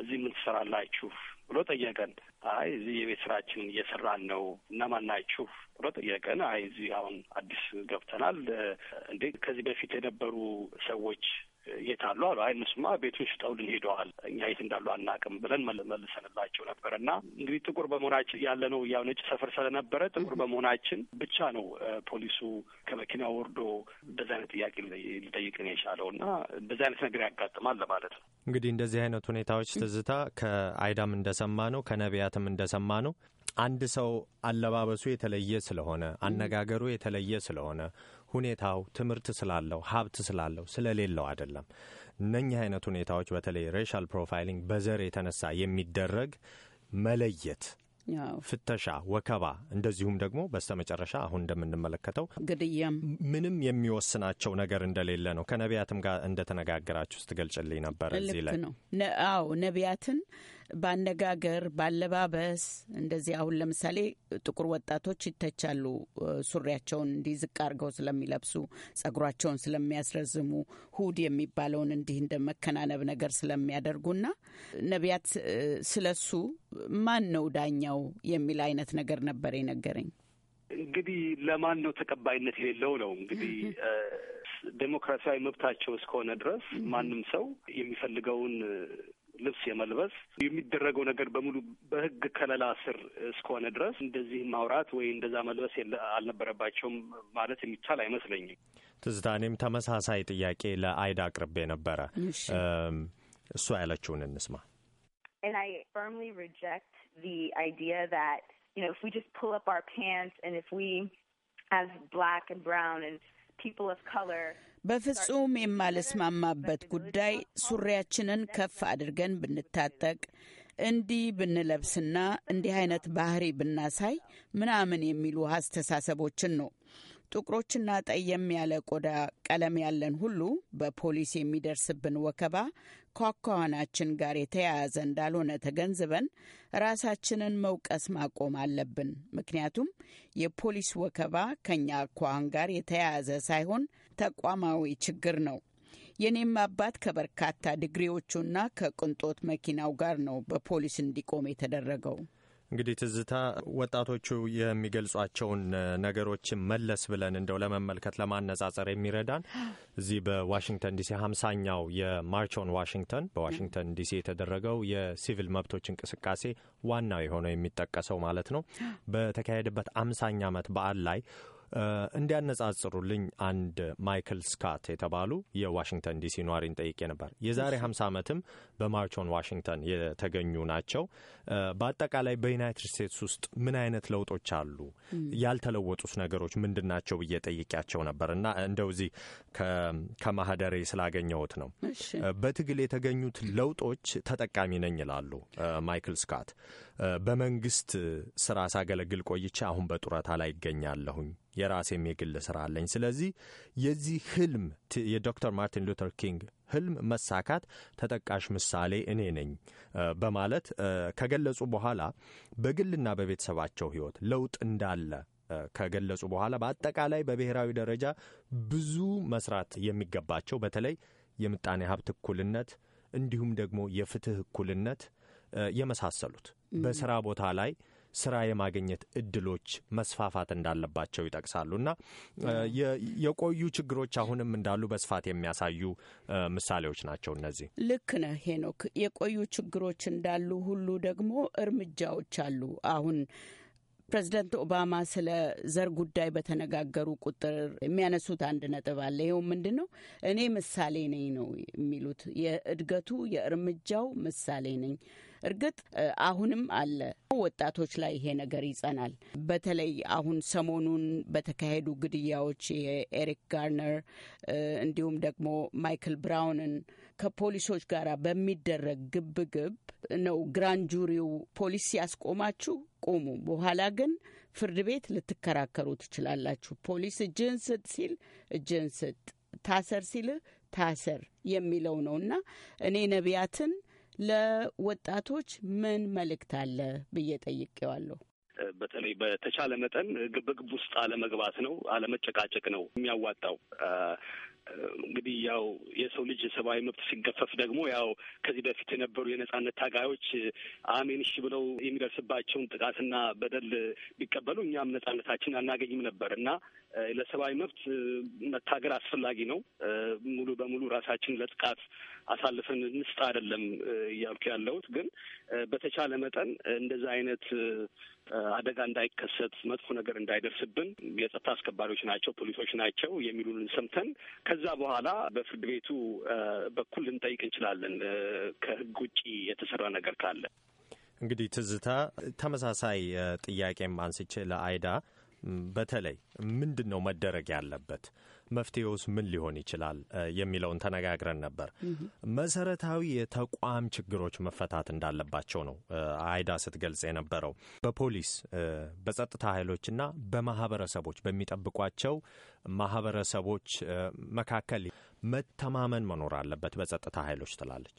እዚህ ምን ትሰራላችሁ ብሎ ጠየቀን። አይ እዚህ የቤት ስራችን እየሰራን ነው። እነማን ናችሁ ብሎ ጠየቀን። አይ እዚህ አሁን አዲስ ገብተናል። እንዴ ከዚህ በፊት የነበሩ ሰዎች የት አሉ አሉ። አይ እነሱማ ቤቱን ሽጠውልን ሄደዋል፣ እኛ የት እንዳሉ አናውቅም ብለን መልሰንላቸው ነበር። እና እንግዲህ ጥቁር በመሆናችን ያለ ነው ያው ነጭ ሰፈር ስለነበረ ጥቁር በመሆናችን ብቻ ነው ፖሊሱ ከመኪና ወርዶ እንደዚህ አይነት ጥያቄ ሊጠይቅን የቻለው እና እንደዚህ አይነት ነገር ያጋጥማል ለማለት ነው። እንግዲህ እንደዚህ አይነት ሁኔታዎች ትዝታ ከአይዳም እንደሰማ ነው ከነቢያትም እንደሰማ ነው አንድ ሰው አለባበሱ የተለየ ስለሆነ አነጋገሩ የተለየ ስለሆነ ሁኔታው ትምህርት ስላለው ሀብት ስላለው ስለሌለው አይደለም። እነኚህ አይነት ሁኔታዎች በተለይ ሬሻል ፕሮፋይሊንግ በዘር የተነሳ የሚደረግ መለየት ፍተሻ፣ ወከባ፣ እንደዚሁም ደግሞ በስተመጨረሻ አሁን እንደምንመለከተው ግድያም ምንም የሚወስናቸው ነገር እንደሌለ ነው። ከነቢያትም ጋር እንደተነጋገራችሁ ስትገልጭልኝ ነበር። እዚህ ላይ አዎ ነቢያትን በአነጋገር ባለባበስ እንደዚህ አሁን ለምሳሌ ጥቁር ወጣቶች ይተቻሉ። ሱሪያቸውን እንዲህ ዝቅ አድርገው ስለሚለብሱ፣ ጸጉራቸውን ስለሚያስረዝሙ፣ ሁድ የሚባለውን እንዲህ እንደ መከናነብ ነገር ስለሚያደርጉና ነቢያት ስለሱ ማን ነው ዳኛው የሚል አይነት ነገር ነበር የነገረኝ። እንግዲህ ለማን ነው ተቀባይነት የሌለው ነው እንግዲህ ዴሞክራሲያዊ መብታቸው እስከሆነ ድረስ ማንም ሰው የሚፈልገውን ልብስ የመልበስ የሚደረገው ነገር በሙሉ በሕግ ከለላ ስር እስከሆነ ድረስ እንደዚህ ማውራት ወይ እንደዛ መልበስ አልነበረባቸውም ማለት የሚቻል አይመስለኝም። ትዝታ፣ እኔም ተመሳሳይ ጥያቄ ለአይዳ አቅርቤ ነበረ። እሷ ያለችውን እንስማ። በፍጹም የማልስማማበት ጉዳይ ሱሪያችንን ከፍ አድርገን ብንታጠቅ እንዲህ ብንለብስና እንዲህ አይነት ባህሪ ብናሳይ ምናምን የሚሉ አስተሳሰቦችን ነው። ጥቁሮችና ጠየም ያለ ቆዳ ቀለም ያለን ሁሉ በፖሊስ የሚደርስብን ወከባ ከአኳኋናችን ጋር የተያያዘ እንዳልሆነ ተገንዝበን ራሳችንን መውቀስ ማቆም አለብን። ምክንያቱም የፖሊስ ወከባ ከኛ አኳኋን ጋር የተያያዘ ሳይሆን ተቋማዊ ችግር ነው። የኔም አባት ከበርካታ ዲግሪዎቹና ከቅንጦት መኪናው ጋር ነው በፖሊስ እንዲቆም የተደረገው። እንግዲህ ትዝታ፣ ወጣቶቹ የሚገልጿቸውን ነገሮችን መለስ ብለን እንደው ለመመልከት ለማነጻጸር የሚረዳን እዚህ በዋሽንግተን ዲሲ ሀምሳኛው የማርች ኦን ዋሽንግተን በዋሽንግተን ዲሲ የተደረገው የሲቪል መብቶች እንቅስቃሴ ዋናው የሆነው የሚጠቀሰው ማለት ነው በተካሄደበት አምሳኛ ዓመት በዓል ላይ እንዲያነጻጽሩልኝ አንድ ማይክል ስካት የተባሉ የዋሽንግተን ዲሲ ነዋሪን ጠይቄ ነበር። የዛሬ 50 ዓመትም በማርቾን ዋሽንግተን የተገኙ ናቸው። በአጠቃላይ በዩናይትድ ስቴትስ ውስጥ ምን አይነት ለውጦች አሉ? ያልተለወጡት ነገሮች ምንድን ናቸው ብዬ ጠይቄያቸው ነበር እና እንደው እዚህ ከማህደሬ ስላገኘሁት ነው። በትግል የተገኙት ለውጦች ተጠቃሚ ነኝ ይላሉ ማይክል ስካት። በመንግስት ስራ ሳገለግል ቆይቼ አሁን በጡረታ ላይ ይገኛለሁኝ። የራሴም የግል ስራ አለኝ። ስለዚህ የዚህ ህልም የዶክተር ማርቲን ሉተር ኪንግ ህልም መሳካት ተጠቃሽ ምሳሌ እኔ ነኝ በማለት ከገለጹ በኋላ በግልና በቤተሰባቸው ህይወት ለውጥ እንዳለ ከገለጹ በኋላ በአጠቃላይ በብሔራዊ ደረጃ ብዙ መስራት የሚገባቸው በተለይ የምጣኔ ሀብት እኩልነት እንዲሁም ደግሞ የፍትህ እኩልነት የመሳሰሉት በስራ ቦታ ላይ ስራ የማግኘት እድሎች መስፋፋት እንዳለባቸው ይጠቅሳሉና የቆዩ ችግሮች አሁንም እንዳሉ በስፋት የሚያሳዩ ምሳሌዎች ናቸው እነዚህ። ልክ ነህ ሄኖክ። የቆዩ ችግሮች እንዳሉ ሁሉ ደግሞ እርምጃዎች አሉ አሁን ፕሬዚደንት ኦባማ ስለ ዘር ጉዳይ በተነጋገሩ ቁጥር የሚያነሱት አንድ ነጥብ አለ። ይኸው ምንድን ነው? እኔ ምሳሌ ነኝ ነው የሚሉት። የእድገቱ የእርምጃው ምሳሌ ነኝ እርግጥ አሁንም አለ፣ ወጣቶች ላይ ይሄ ነገር ይጸናል። በተለይ አሁን ሰሞኑን በተካሄዱ ግድያዎች የኤሪክ ጋርነር እንዲሁም ደግሞ ማይክል ብራውንን ከፖሊሶች ጋር በሚደረግ ግብግብ ነው ግራንድ ጁሪው ፖሊስ ሲያስቆማችሁ ቁሙ፣ በኋላ ግን ፍርድ ቤት ልትከራከሩ ትችላላችሁ። ፖሊስ እጅህን ስጥ ሲል እጅህን ስጥ፣ ታሰር ሲልህ ታሰር የሚለው ነው እና እኔ ነቢያትን ለወጣቶች ምን መልእክት አለ ብዬ ጠይቄዋለሁ። በተለይ በተቻለ መጠን ግብግብ ውስጥ አለመግባት ነው፣ አለመጨቃጨቅ ነው የሚያዋጣው። እንግዲህ ያው የሰው ልጅ ሰብአዊ መብት ሲገፈፍ ደግሞ ያው ከዚህ በፊት የነበሩ የነጻነት ታጋዮች አሜን እሺ ብለው የሚደርስባቸውን ጥቃትና በደል ቢቀበሉ እኛም ነጻነታችን አናገኝም ነበር እና ለሰብአዊ መብት መታገል አስፈላጊ ነው። ሙሉ በሙሉ ራሳችን ለጥቃት አሳልፈን እንስጥ አይደለም እያልኩ ያለሁት ግን በተቻለ መጠን እንደዛ አይነት አደጋ እንዳይከሰት መጥፎ ነገር እንዳይደርስብን የጸጥታ አስከባሪዎች ናቸው፣ ፖሊሶች ናቸው የሚሉንን ሰምተን ከዛ በኋላ በፍርድ ቤቱ በኩል ልንጠይቅ እንችላለን ከህግ ውጭ የተሰራ ነገር ካለ። እንግዲህ ትዝታ ተመሳሳይ ጥያቄም አንስቼ ለአይዳ በተለይ ምንድን ነው መደረግ ያለበት መፍትሄውስ ምን ሊሆን ይችላል የሚለውን ተነጋግረን ነበር። መሰረታዊ የተቋም ችግሮች መፈታት እንዳለባቸው ነው አይዳ ስትገልጽ የነበረው። በፖሊስ በጸጥታ ኃይሎችና በማህበረሰቦች በሚጠብቋቸው ማህበረሰቦች መካከል መተማመን መኖር አለበት በጸጥታ ኃይሎች ትላለች።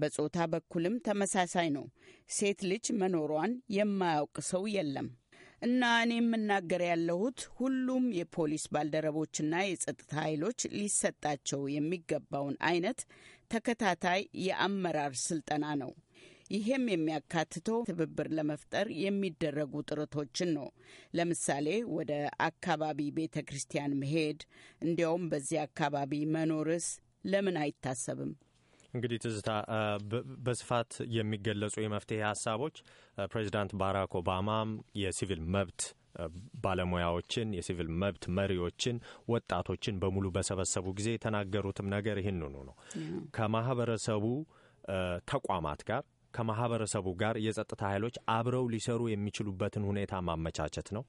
በጾታ በኩልም ተመሳሳይ ነው። ሴት ልጅ መኖሯን የማያውቅ ሰው የለም። እና እኔ የምናገር ያለሁት ሁሉም የፖሊስ ባልደረቦችና የጸጥታ ኃይሎች ሊሰጣቸው የሚገባውን አይነት ተከታታይ የአመራር ስልጠና ነው። ይሄም የሚያካትተው ትብብር ለመፍጠር የሚደረጉ ጥረቶችን ነው። ለምሳሌ ወደ አካባቢ ቤተ ክርስቲያን መሄድ፣ እንዲያውም በዚህ አካባቢ መኖርስ ለምን አይታሰብም? እንግዲህ ትዝታ በስፋት የሚገለጹ የመፍትሄ ሀሳቦች ፕሬዚዳንት ባራክ ኦባማም የሲቪል መብት ባለሙያዎችን የሲቪል መብት መሪዎችን፣ ወጣቶችን በሙሉ በሰበሰቡ ጊዜ የተናገሩትም ነገር ይህንኑ ነው። ከማህበረሰቡ ተቋማት ጋር ከማህበረሰቡ ጋር የጸጥታ ኃይሎች አብረው ሊሰሩ የሚችሉበትን ሁኔታ ማመቻቸት ነው።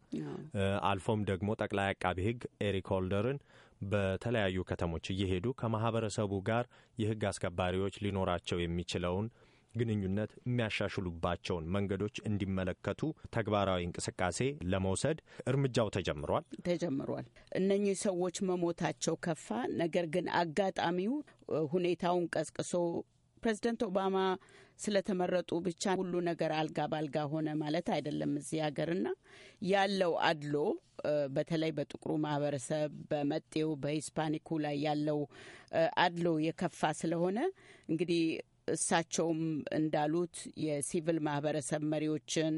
አልፎም ደግሞ ጠቅላይ አቃቢ ህግ ኤሪክ ሆልደርን በተለያዩ ከተሞች እየሄዱ ከማህበረሰቡ ጋር የህግ አስከባሪዎች ሊኖራቸው የሚችለውን ግንኙነት የሚያሻሽሉባቸውን መንገዶች እንዲመለከቱ ተግባራዊ እንቅስቃሴ ለመውሰድ እርምጃው ተጀምሯል ተጀምሯል። እነኚህ ሰዎች መሞታቸው ከፋ። ነገር ግን አጋጣሚው ሁኔታውን ቀስቅሶ ፕሬዚደንት ኦባማ ስለተመረጡ ብቻ ሁሉ ነገር አልጋ ባልጋ ሆነ ማለት አይደለም። እዚህ ሀገርና ያለው አድሎ በተለይ በጥቁሩ ማህበረሰብ በመጤው በሂስፓኒኩ ላይ ያለው አድሎ የከፋ ስለሆነ እንግዲህ እሳቸውም እንዳሉት የሲቪል ማህበረሰብ መሪዎችን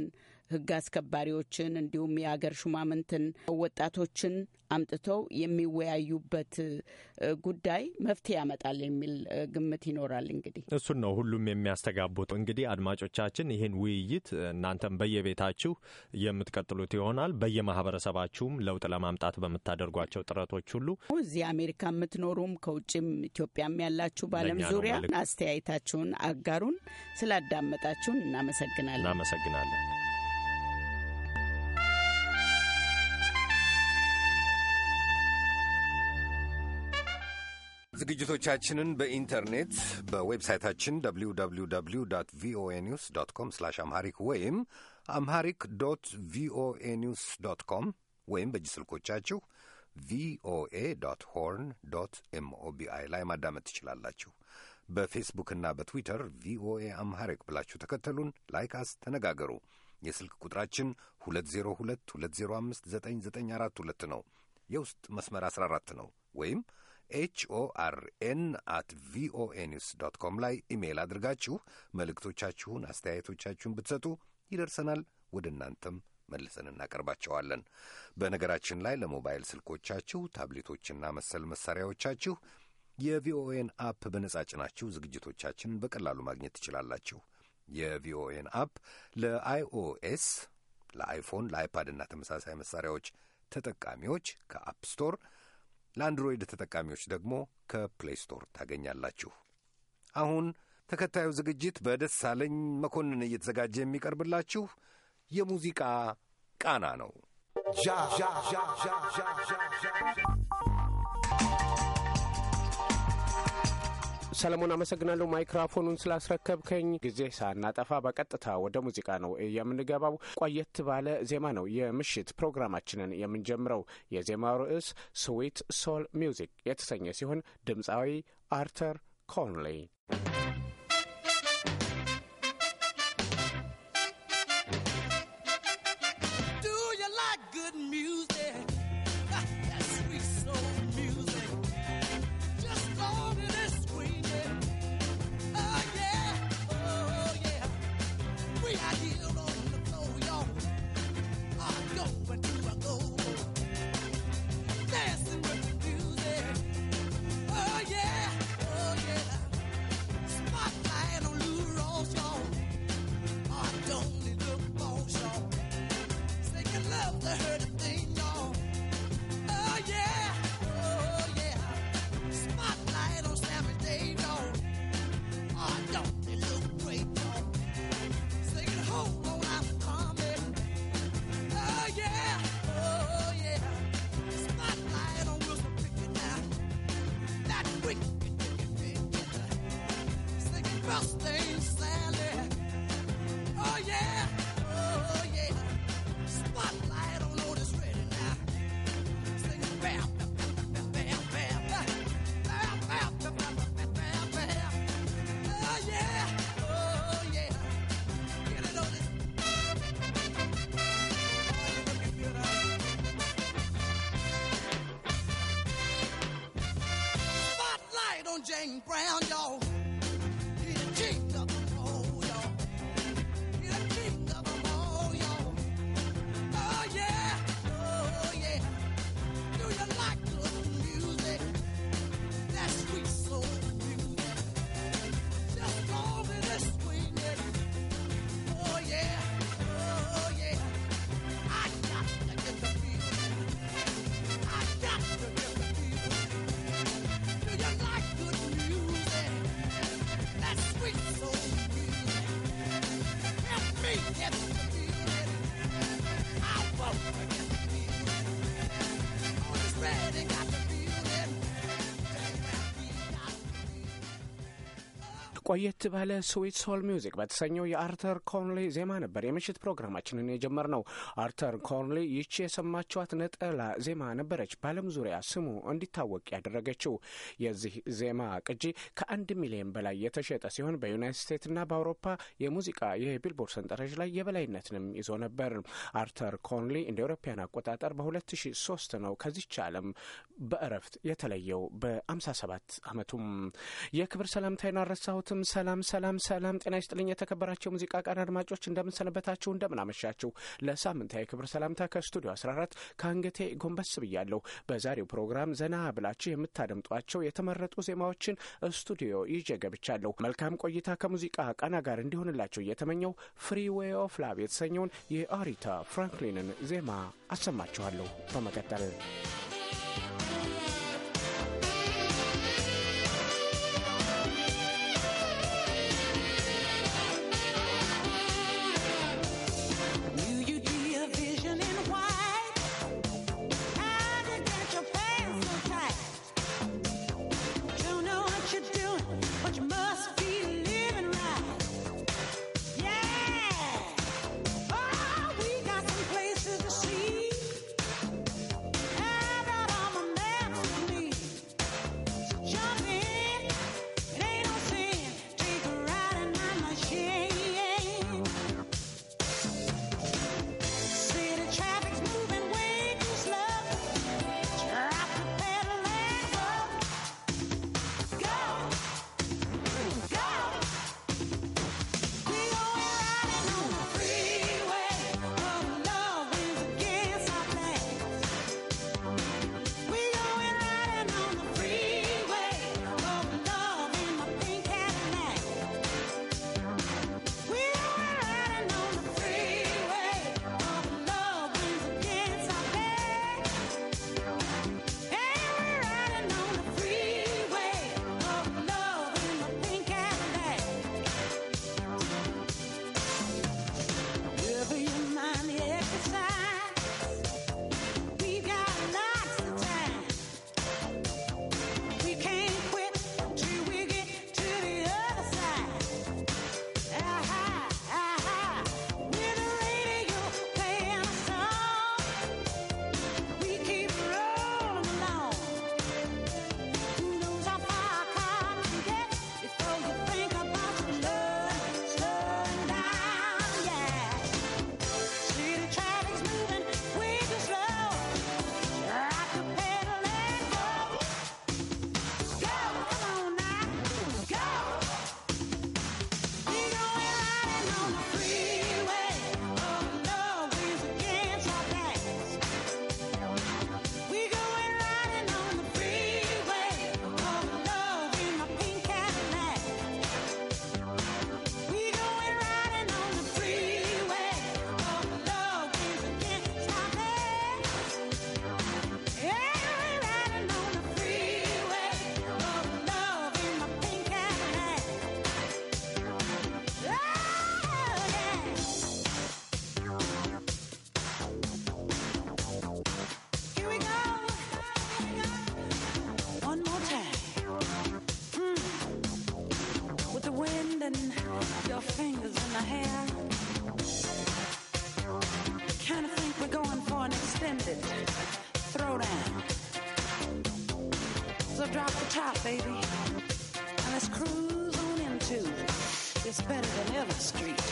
ህግ አስከባሪዎችን እንዲሁም የአገር ሹማምንትን፣ ወጣቶችን አምጥተው የሚወያዩበት ጉዳይ መፍትሄ ያመጣል የሚል ግምት ይኖራል። እንግዲህ እሱን ነው ሁሉም የሚያስተጋቡት። እንግዲህ አድማጮቻችን ይህን ውይይት እናንተም በየቤታችሁ የምትቀጥሉት ይሆናል። በየማህበረሰባችሁም ለውጥ ለማምጣት በምታደርጓቸው ጥረቶች ሁሉ እዚህ አሜሪካ የምትኖሩም ከውጭም ኢትዮጵያም ያላችሁ በዓለም ዙሪያ አስተያየታችሁን አጋሩን። ስላዳመጣችሁን እናመሰግናለን እናመሰግናለን። ዝግጅቶቻችንን በኢንተርኔት በዌብሳይታችን www ቪኦኤ ኒውስ ዶት ኮም ስላሽ አምሃሪክ ወይም አምሃሪክ ዶት ቪኦኤ ኒውስ ዶት ኮም ወይም በእጅ ስልኮቻችሁ ቪኦኤ ዶት ሆርን ዶት ኤምኦቢአይ ላይ ማዳመጥ ትችላላችሁ። በፌስቡክና በትዊተር ቪኦኤ አምሃሪክ ብላችሁ ተከተሉን፣ ላይካስ ተነጋገሩ። የስልክ ቁጥራችን 2022059942 ነው። የውስጥ መስመር 14 ነው ወይም ኤችኦአርኤን አት ቪኦኤ ኒውስ ዶት ኮም ላይ ኢሜይል አድርጋችሁ መልእክቶቻችሁን፣ አስተያየቶቻችሁን ብትሰጡ ይደርሰናል፣ ወደ እናንተም መልሰን እናቀርባቸዋለን። በነገራችን ላይ ለሞባይል ስልኮቻችሁ፣ ታብሌቶችና መሰል መሳሪያዎቻችሁ የቪኦኤን አፕ በነጻ ጭናችሁ ዝግጅቶቻችንን በቀላሉ ማግኘት ትችላላችሁ። የቪኦኤን አፕ ለአይኦኤስ፣ ለአይፎን፣ ለአይፓድ እና ተመሳሳይ መሳሪያዎች ተጠቃሚዎች ከአፕ ስቶር ለአንድሮይድ ተጠቃሚዎች ደግሞ ከፕሌይ ስቶር ታገኛላችሁ። አሁን ተከታዩ ዝግጅት በደሳለኝ መኮንን እየተዘጋጀ የሚቀርብላችሁ የሙዚቃ ቃና ነው። ሰለሞን አመሰግናለሁ። ማይክራፎኑን ስላስረከብከኝ ጊዜ ሳናጠፋ በቀጥታ ወደ ሙዚቃ ነው የምንገባው። ቆየት ባለ ዜማ ነው የምሽት ፕሮግራማችንን የምንጀምረው። የዜማው ርዕስ ስዊት ሶል ሚውዚክ የተሰኘ ሲሆን ድምፃዊ አርተር ኮንሊ Jane Brown. ቆየት ባለ ስዊት ሶል ሚውዚክ በተሰኘው የአርተር ኮንሊ ዜማ ነበር የምሽት ፕሮግራማችንን የጀመርነው። አርተር ኮንሊ ይቺ የሰማችኋት ነጠላ ዜማ ነበረች በዓለም ዙሪያ ስሙ እንዲታወቅ ያደረገችው። የዚህ ዜማ ቅጂ ከአንድ ሚሊዮን በላይ የተሸጠ ሲሆን በዩናይት ስቴትስና በአውሮፓ የሙዚቃ የቢልቦርድ ሰንጠረዥ ላይ የበላይነትንም ይዞ ነበር። አርተር ኮንሊ እንደ አውሮፓውያን አቆጣጠር በ2003 ነው ከዚች ዓለም በእረፍት የተለየው በ57 ዓመቱም የክብር ሰላምታይን አልረሳሁትም። ሰላም ሰላም ሰላም፣ ጤና ይስጥልኝ የተከበራቸው የሙዚቃ ቃና አድማጮች እንደምንሰነበታችሁ፣ እንደምናመሻችሁ። ለሳምንታዊ ክብር ሰላምታ ከስቱዲዮ 14 ከአንገቴ ጎንበስ ብያለሁ። በዛሬው ፕሮግራም ዘና ብላችሁ የምታደምጧቸው የተመረጡ ዜማዎችን ስቱዲዮ ይዤ ገብቻለሁ። መልካም ቆይታ ከሙዚቃ ቃና ጋር እንዲሆንላቸው እየተመኘው ፍሪ ወይ ኦፍ ላቭ የተሰኘውን የአሪታ ፍራንክሊንን ዜማ አሰማችኋለሁ በመቀጠል drop the top, baby. And let's cruise on into it's better than ever street.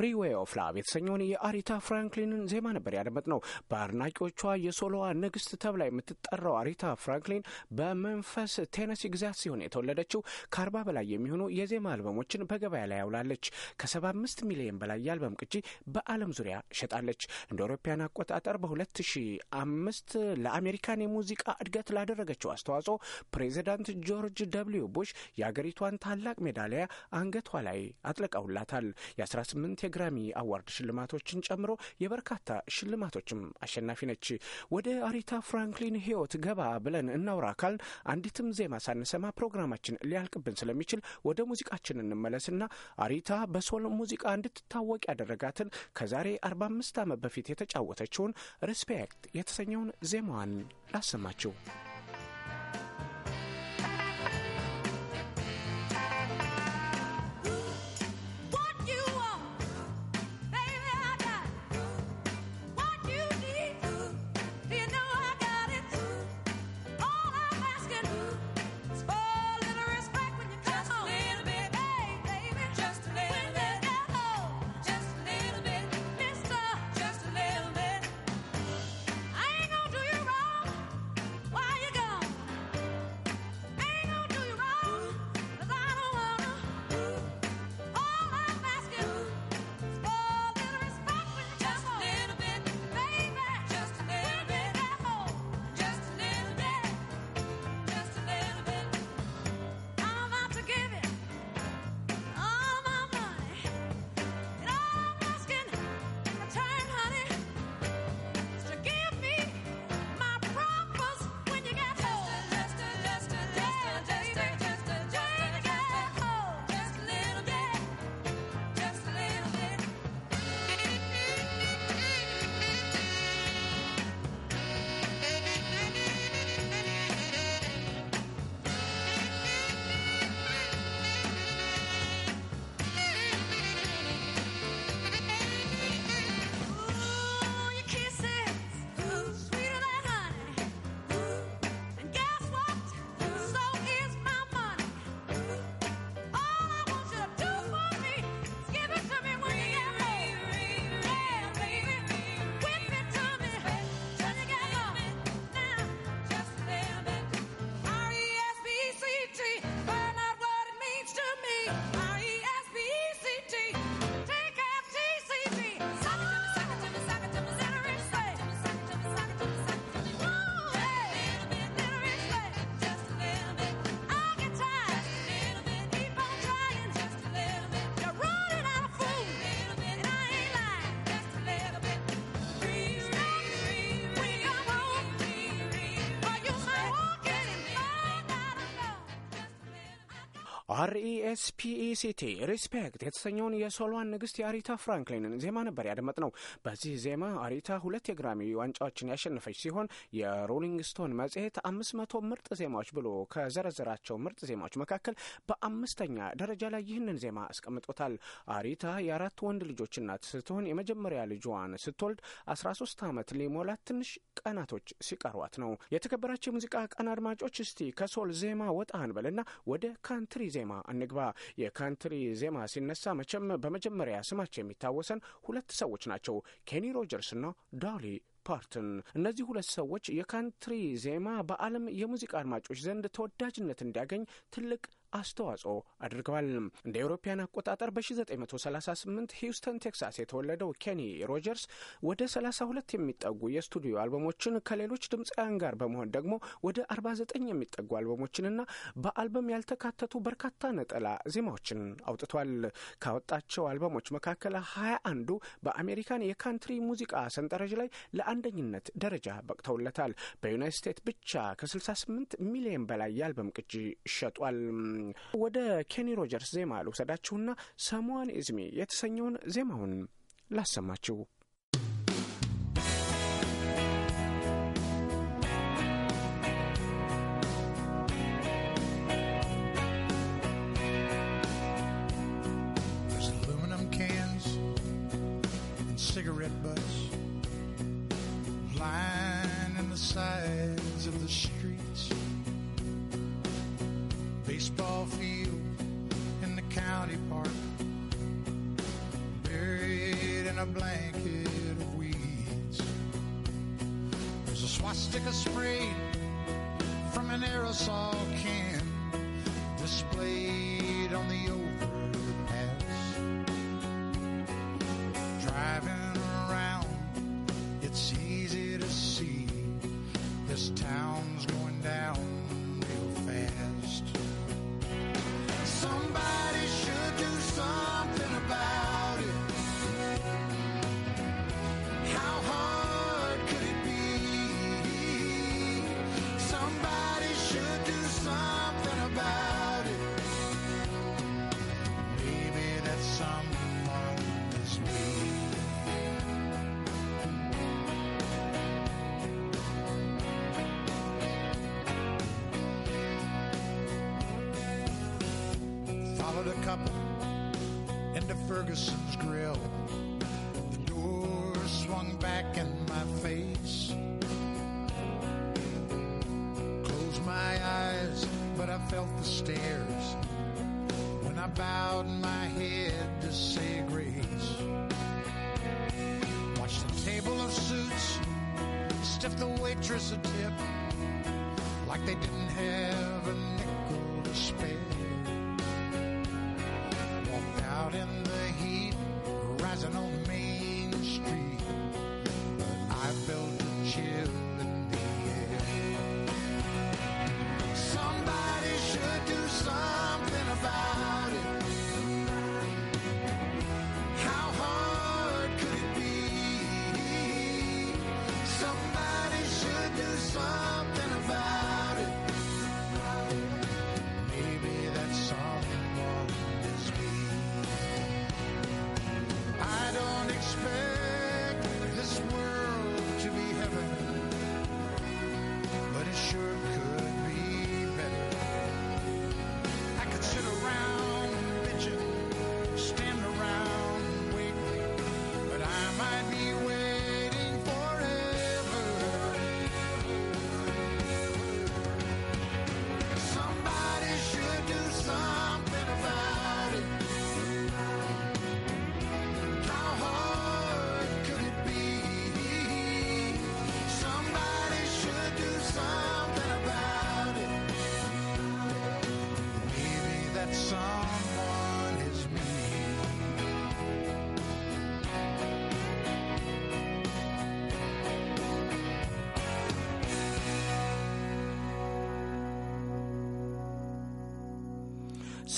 ፍሪዌይ ኦፍ ላቭ የተሰኘውን የአሪታ ፍራንክሊንን ዜማ ነበር ያደመጥነው። በአድናቂዎቿ የሶሎዋ ንግስት ተብላ የምትጠራው አሪታ ፍራንክሊን በመንፈስ ቴነሲ ግዛት ሲሆን የተወለደችው ከአርባ በላይ የሚሆኑ የዜማ አልበሞችን በገበያ ላይ ያውላለች። ከሰባ አምስት ሚሊዮን በላይ የአልበም ቅጂ በዓለም ዙሪያ ሸጣለች። እንደ አውሮፓውያን አቆጣጠር በሁለት ሺ አምስት ለአሜሪካን የሙዚቃ እድገት ላደረገችው አስተዋጽኦ ፕሬዚዳንት ጆርጅ ደብልዩ ቡሽ የአገሪቷን ታላቅ ሜዳሊያ አንገቷ ላይ አጥለቀውላታል። የ18 የግራሚ አዋርድ ሽልማቶችን ጨምሮ የበርካታ ሽልማቶችም አሸናፊ ነች። ወደ አሪታ ፍራንክሊን ህይወት ገባ ብለን እናውራ ካል አንዲትም ዜማ ሳንሰማ ፕሮግራማችን ሊያልቅብን ስለሚችል ወደ ሙዚቃችን እንመለስና አሪታ በሶል ሙዚቃ እንድትታወቅ ያደረጋትን ከዛሬ 45 ዓመት በፊት የተጫወተችውን ሪስፔክት የተሰኘውን ዜማዋን ላሰማችሁ። RESP ፒኢሲቲ ሪስፔክት e የተሰኘውን የሶልዋን ንግስት የአሪታ ፍራንክሊንን ዜማ ነበር ያደመጥ ነው። በዚህ ዜማ አሪታ ሁለት የግራሚ ዋንጫዎችን ያሸነፈች ሲሆን የሮሊንግ ስቶን መጽሔት አምስት መቶ ምርጥ ዜማዎች ብሎ ከዘረዘራቸው ምርጥ ዜማዎች መካከል በአምስተኛ ደረጃ ላይ ይህንን ዜማ አስቀምጦታል። አሪታ የአራት ወንድ ልጆች እናት ስትሆን የመጀመሪያ ልጇን ስትወልድ አስራ ሶስት ዓመት ሊሞላት ትንሽ ቀናቶች ሲቀሯት ነው። የተከበራቸው የሙዚቃ ቀን አድማጮች፣ እስቲ ከሶል ዜማ ወጣ እንበልና ወደ ካንትሪ ዜማ እንግባ። የካንትሪ ዜማ ሲነሳ መቼም በመጀመሪያ ስማቸው የሚታወሰን ሁለት ሰዎች ናቸው፣ ኬኒ ሮጀርስና ዳሊ ፓርትን። እነዚህ ሁለት ሰዎች የካንትሪ ዜማ በዓለም የሙዚቃ አድማጮች ዘንድ ተወዳጅነት እንዲያገኝ ትልቅ አስተዋጽኦ አድርገዋል። እንደ አውሮፓውያን አቆጣጠር በ1938 ሂውስተን ቴክሳስ የተወለደው ኬኒ ሮጀርስ ወደ 32 የሚጠጉ የስቱዲዮ አልበሞችን ከሌሎች ድምፃውያን ጋር በመሆን ደግሞ ወደ 49 የሚጠጉ አልበሞችንና በአልበም ያልተካተቱ በርካታ ነጠላ ዜማዎችን አውጥቷል። ካወጣቸው አልበሞች መካከል ሀያ አንዱ በአሜሪካን የካንትሪ ሙዚቃ ሰንጠረዥ ላይ ለአንደኝነት ደረጃ በቅተውለታል። በዩናይት ስቴትስ ብቻ ከ68 ሚሊዮን በላይ የአልበም ቅጂ ሸጧል። ወደ ኬኒ ሮጀርስ ዜማ ልውሰዳችሁና ሰሞን ኢዝሚ የተሰኘውን ዜማውን ላሰማችሁ። blanket of weeds. There's a swastika sprayed from an aerosol can displayed on the overpass. Driving around, it's easy to see this town's going down real fast. Somebody.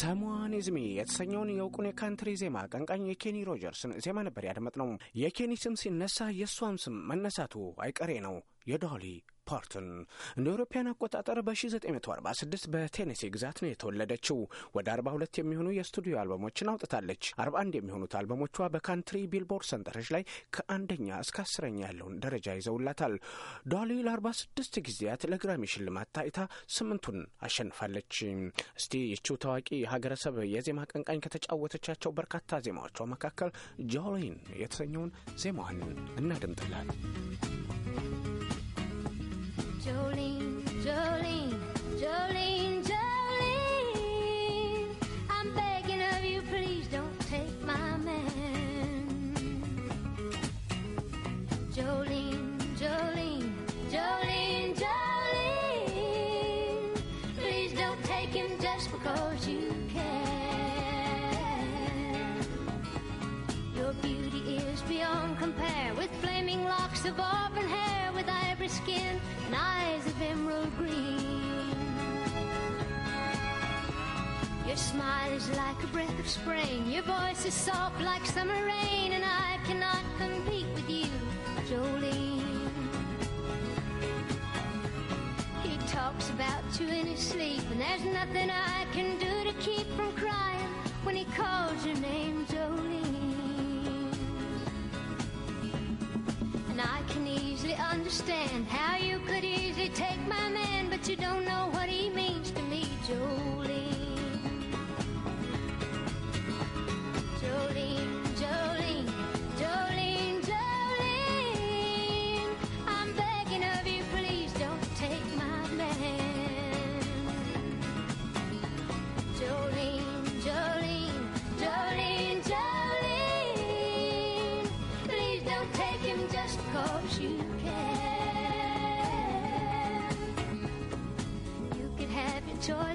ሰምዋን ኢዝ የተሰኘውን የእውቁን የካንትሪ ዜማ አቀንቃኝ የኬኒ ሮጀርስን ዜማ ነበር ያደመጥነው። የኬኒ ስም ሲነሳ የእሷም ስም መነሳቱ አይቀሬ ነው። የዶሊ ፖርትን እንደ አውሮፓውያን አቆጣጠር በ1946 በቴኔሲ ግዛት ነው የተወለደችው። ወደ 42 የሚሆኑ የስቱዲዮ አልበሞችን አውጥታለች። 41 የሚሆኑት አልበሞቿ በካንትሪ ቢልቦርድ ሰንጠረዥ ላይ ከአንደኛ እስከ አስረኛ ያለውን ደረጃ ይዘውላታል። ዶሊ ለ46 ጊዜያት ለግራሚ ሽልማት ታይታ ስምንቱን አሸንፋለች። እስቲ ይቺው ታዋቂ የሀገረሰብ የዜማ አቀንቃኝ ከተጫወተቻቸው በርካታ ዜማዎቿ መካከል ጆሊን የተሰኘውን ዜማዋን እናድምጥላት። Jolene, Jolene, Jolene, Jolene. I'm begging of you, please don't take my man. Jolene, Jolene, Jolene, Jolene. Please don't take him just because you can. Your beauty is beyond compare with flaming locks of auburn hair skin and eyes of emerald green. Your smile is like a breath of spring, your voice is soft like summer rain, and I cannot compete with you, Jolene. He talks about you in his sleep, and there's nothing I can do to keep from crying when he calls your name, Jolene. I can easily understand how you could easily take my man, but you don't know what he means to me, Joe.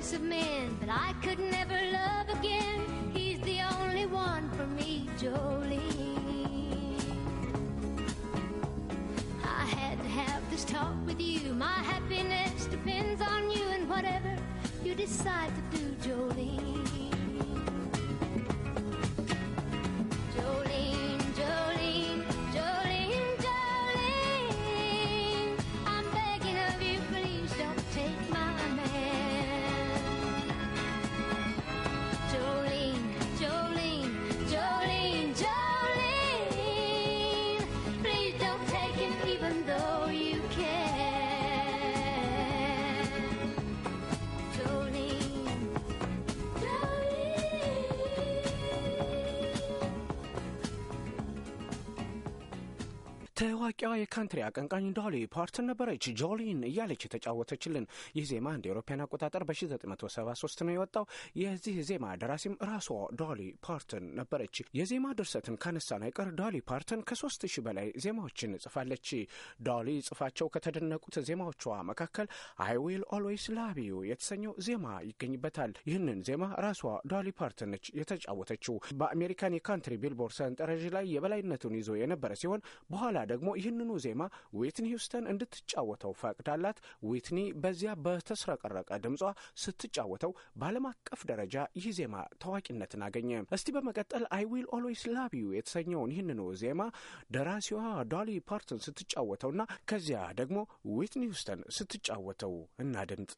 groups of men, but I could never love again. He's the only one for me, Jolene. I had to have this talk with you. My happiness depends on you and whatever you decide to do, Jolene. ታዋቂዋ የካንትሪ አቀንቃኝ ዶሊ ፓርትን ነበረች ጆሊን እያለች የተጫወተችልን። ይህ ዜማ እንደ ኤሮፓያን አቆጣጠር በ1973 ነው የወጣው። የዚህ ዜማ ደራሲም ራሷ ዶሊ ፓርትን ነበረች። የዜማ ድርሰትን ካነሳን አይቀር ዶሊ ፓርትን ከሶስት ሺህ በላይ ዜማዎችን ጽፋለች። ዶሊ ጽፋቸው ከተደነቁት ዜማዎቿ መካከል አይ ዊል ኦልዌይስ ላቭ ዩ የተሰኘው ዜማ ይገኝበታል። ይህንን ዜማ ራሷ ዶሊ ፓርትን ነች የተጫወተችው። በአሜሪካን የካንትሪ ቢልቦርድ ሰንጠረዥ ላይ የበላይነቱን ይዞ የነበረ ሲሆን በኋላ ደግሞ ይህንኑ ዜማ ዊትኒ ሂውስተን እንድትጫወተው ፈቅዳላት። ዊትኒ በዚያ በተስረቀረቀ ድምጿ ስትጫወተው በዓለም አቀፍ ደረጃ ይህ ዜማ ታዋቂነትን አገኘ። እስቲ በመቀጠል አይ ዊል ኦልዌይስ ላቭ ዩ የተሰኘውን ይህንኑ ዜማ ደራሲዋ ዶሊ ፓርትን ስትጫወተውና ከዚያ ደግሞ ዊትኒ ሂውስተን ስትጫወተው እናድምጥ።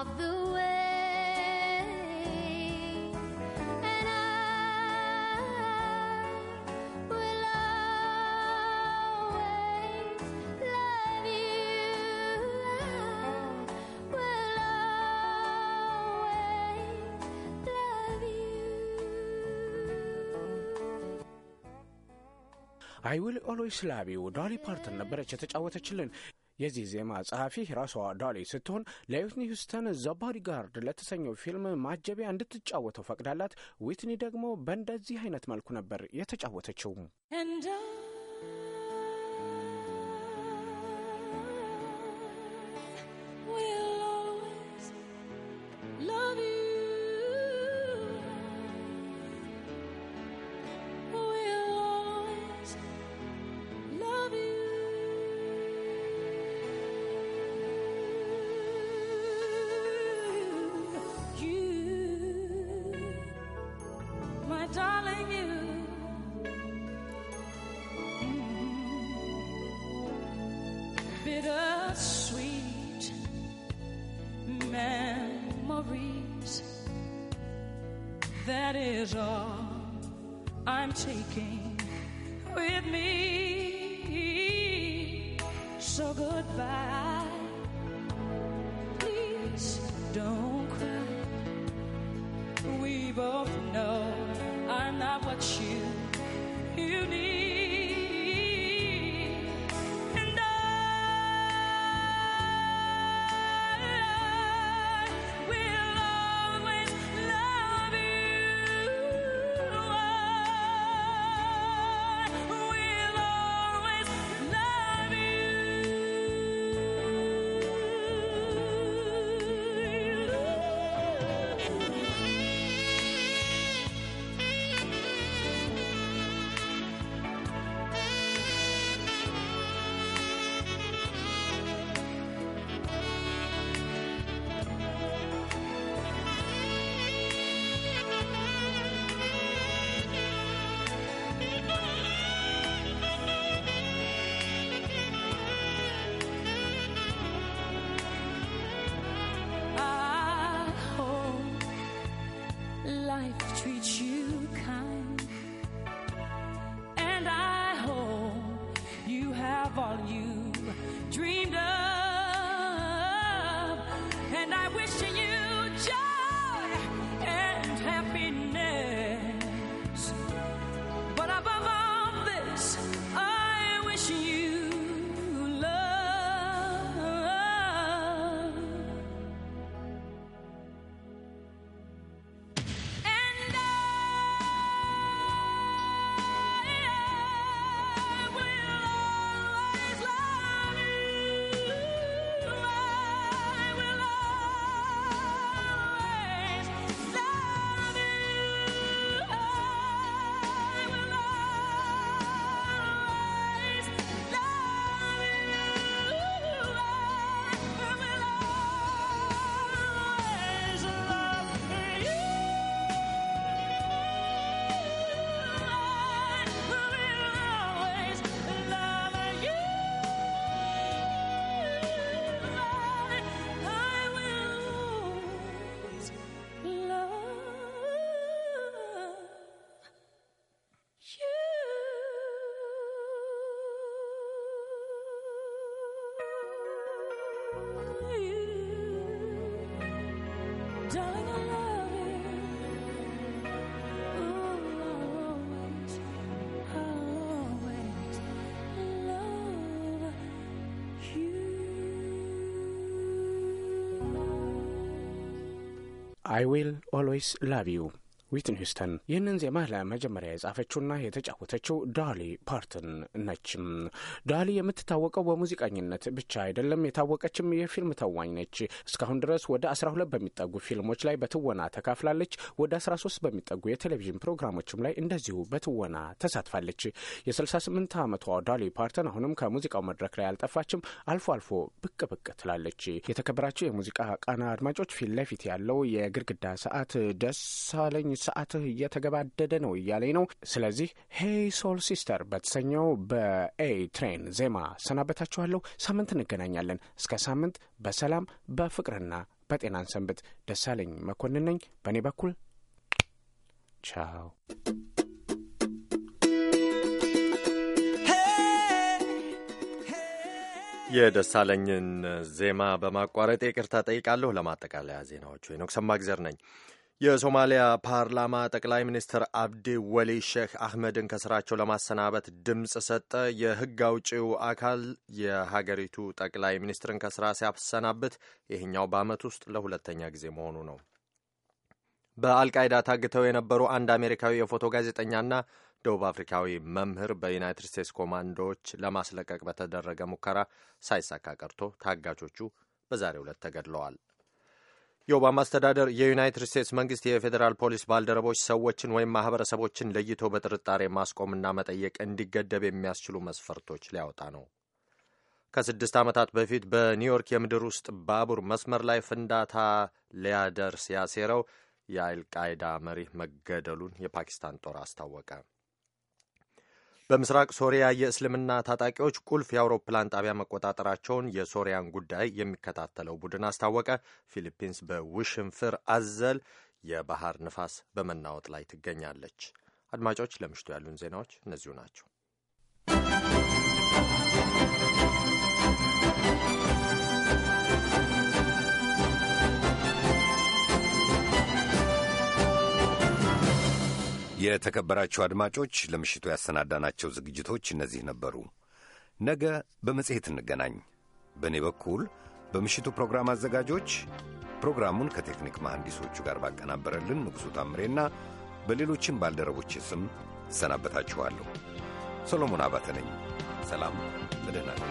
of the way. And I will always love you. I will always love you. I will always love you. ዶሊ ፓርተን ነበረች የተጫወተችልን የዚህ ዜማ ጸሐፊ ራሷ ዳሊ ስትሆን ለዊትኒ ሁስተን ዘባዲ ጋርድ ለተሰኘው ፊልም ማጀቢያ እንድትጫወተው ፈቅዳላት። ዊትኒ ደግሞ በእንደዚህ አይነት መልኩ ነበር የተጫወተችውም። I will always love you. ዊትን ሂውስተን ይህንን ዜማ ለመጀመሪያ የጻፈችውና የተጫወተችው ዳሊ ፓርትን ነችም። ዳሊ የምትታወቀው በሙዚቀኝነት ብቻ አይደለም፣ የታወቀችም የፊልም ተዋኝ ነች። እስካሁን ድረስ ወደ 12 በሚጠጉ ፊልሞች ላይ በትወና ተካፍላለች። ወደ 13 በሚጠጉ የቴሌቪዥን ፕሮግራሞችም ላይ እንደዚሁ በትወና ተሳትፋለች። የ68 ዓመቷ ዳሊ ፓርተን አሁንም ከሙዚቃው መድረክ ላይ አልጠፋችም። አልፎ አልፎ ብቅ ብቅ ትላለች። የተከበራቸው የሙዚቃ ቃና አድማጮች ፊት ለፊት ያለው የግድግዳ ሰዓት ደሳለኝ የስርጭት ሰዓትህ እየተገባደደ ነው እያለኝ ነው። ስለዚህ ሄይ ሶል ሲስተር በተሰኘው በኤ ትሬን ዜማ ሰናበታችኋለሁ። ሳምንት እንገናኛለን። እስከ ሳምንት በሰላም በፍቅርና በጤናን ሰንብት። ደሳለኝ መኮንን ነኝ። በእኔ በኩል ቻው። የደሳለኝን ዜማ በማቋረጥ ይቅርታ ጠይቃለሁ። ለማጠቃለያ ዜናዎቹ ሄኖክ ሰማግዘር ነኝ። የሶማሊያ ፓርላማ ጠቅላይ ሚኒስትር አብዲ ወሊ ሼክ አህመድን ከስራቸው ለማሰናበት ድምፅ ሰጠ። የህግ አውጪው አካል የሀገሪቱ ጠቅላይ ሚኒስትርን ከስራ ሲያሰናብት ይህኛው በዓመት ውስጥ ለሁለተኛ ጊዜ መሆኑ ነው። በአልቃይዳ ታግተው የነበሩ አንድ አሜሪካዊ የፎቶ ጋዜጠኛና ደቡብ አፍሪካዊ መምህር በዩናይትድ ስቴትስ ኮማንዶዎች ለማስለቀቅ በተደረገ ሙከራ ሳይሳካ ቀርቶ ታጋቾቹ በዛሬው ዕለት ተገድለዋል። የኦባማ አስተዳደር የዩናይትድ ስቴትስ መንግስት የፌዴራል ፖሊስ ባልደረቦች ሰዎችን ወይም ማህበረሰቦችን ለይቶ በጥርጣሬ ማስቆምና መጠየቅ እንዲገደብ የሚያስችሉ መስፈርቶች ሊያወጣ ነው። ከስድስት ዓመታት በፊት በኒውዮርክ የምድር ውስጥ ባቡር መስመር ላይ ፍንዳታ ሊያደርስ ያሴረው የአልቃይዳ መሪ መገደሉን የፓኪስታን ጦር አስታወቀ። በምስራቅ ሶሪያ የእስልምና ታጣቂዎች ቁልፍ የአውሮፕላን ጣቢያ መቆጣጠራቸውን የሶሪያን ጉዳይ የሚከታተለው ቡድን አስታወቀ። ፊሊፒንስ በውሽንፍር አዘል የባህር ንፋስ በመናወጥ ላይ ትገኛለች። አድማጮች፣ ለምሽቱ ያሉን ዜናዎች እነዚሁ ናቸው። የተከበራችሁ አድማጮች ለምሽቱ ያሰናዳናቸው ዝግጅቶች እነዚህ ነበሩ። ነገ በመጽሔት እንገናኝ። በእኔ በኩል በምሽቱ ፕሮግራም አዘጋጆች ፕሮግራሙን ከቴክኒክ መሐንዲሶቹ ጋር ባቀናበረልን ንጉሡ ታምሬና በሌሎችም ባልደረቦች ስም እሰናበታችኋለሁ። ሰሎሞን አባተ ነኝ። ሰላም፣ በደህና ነው።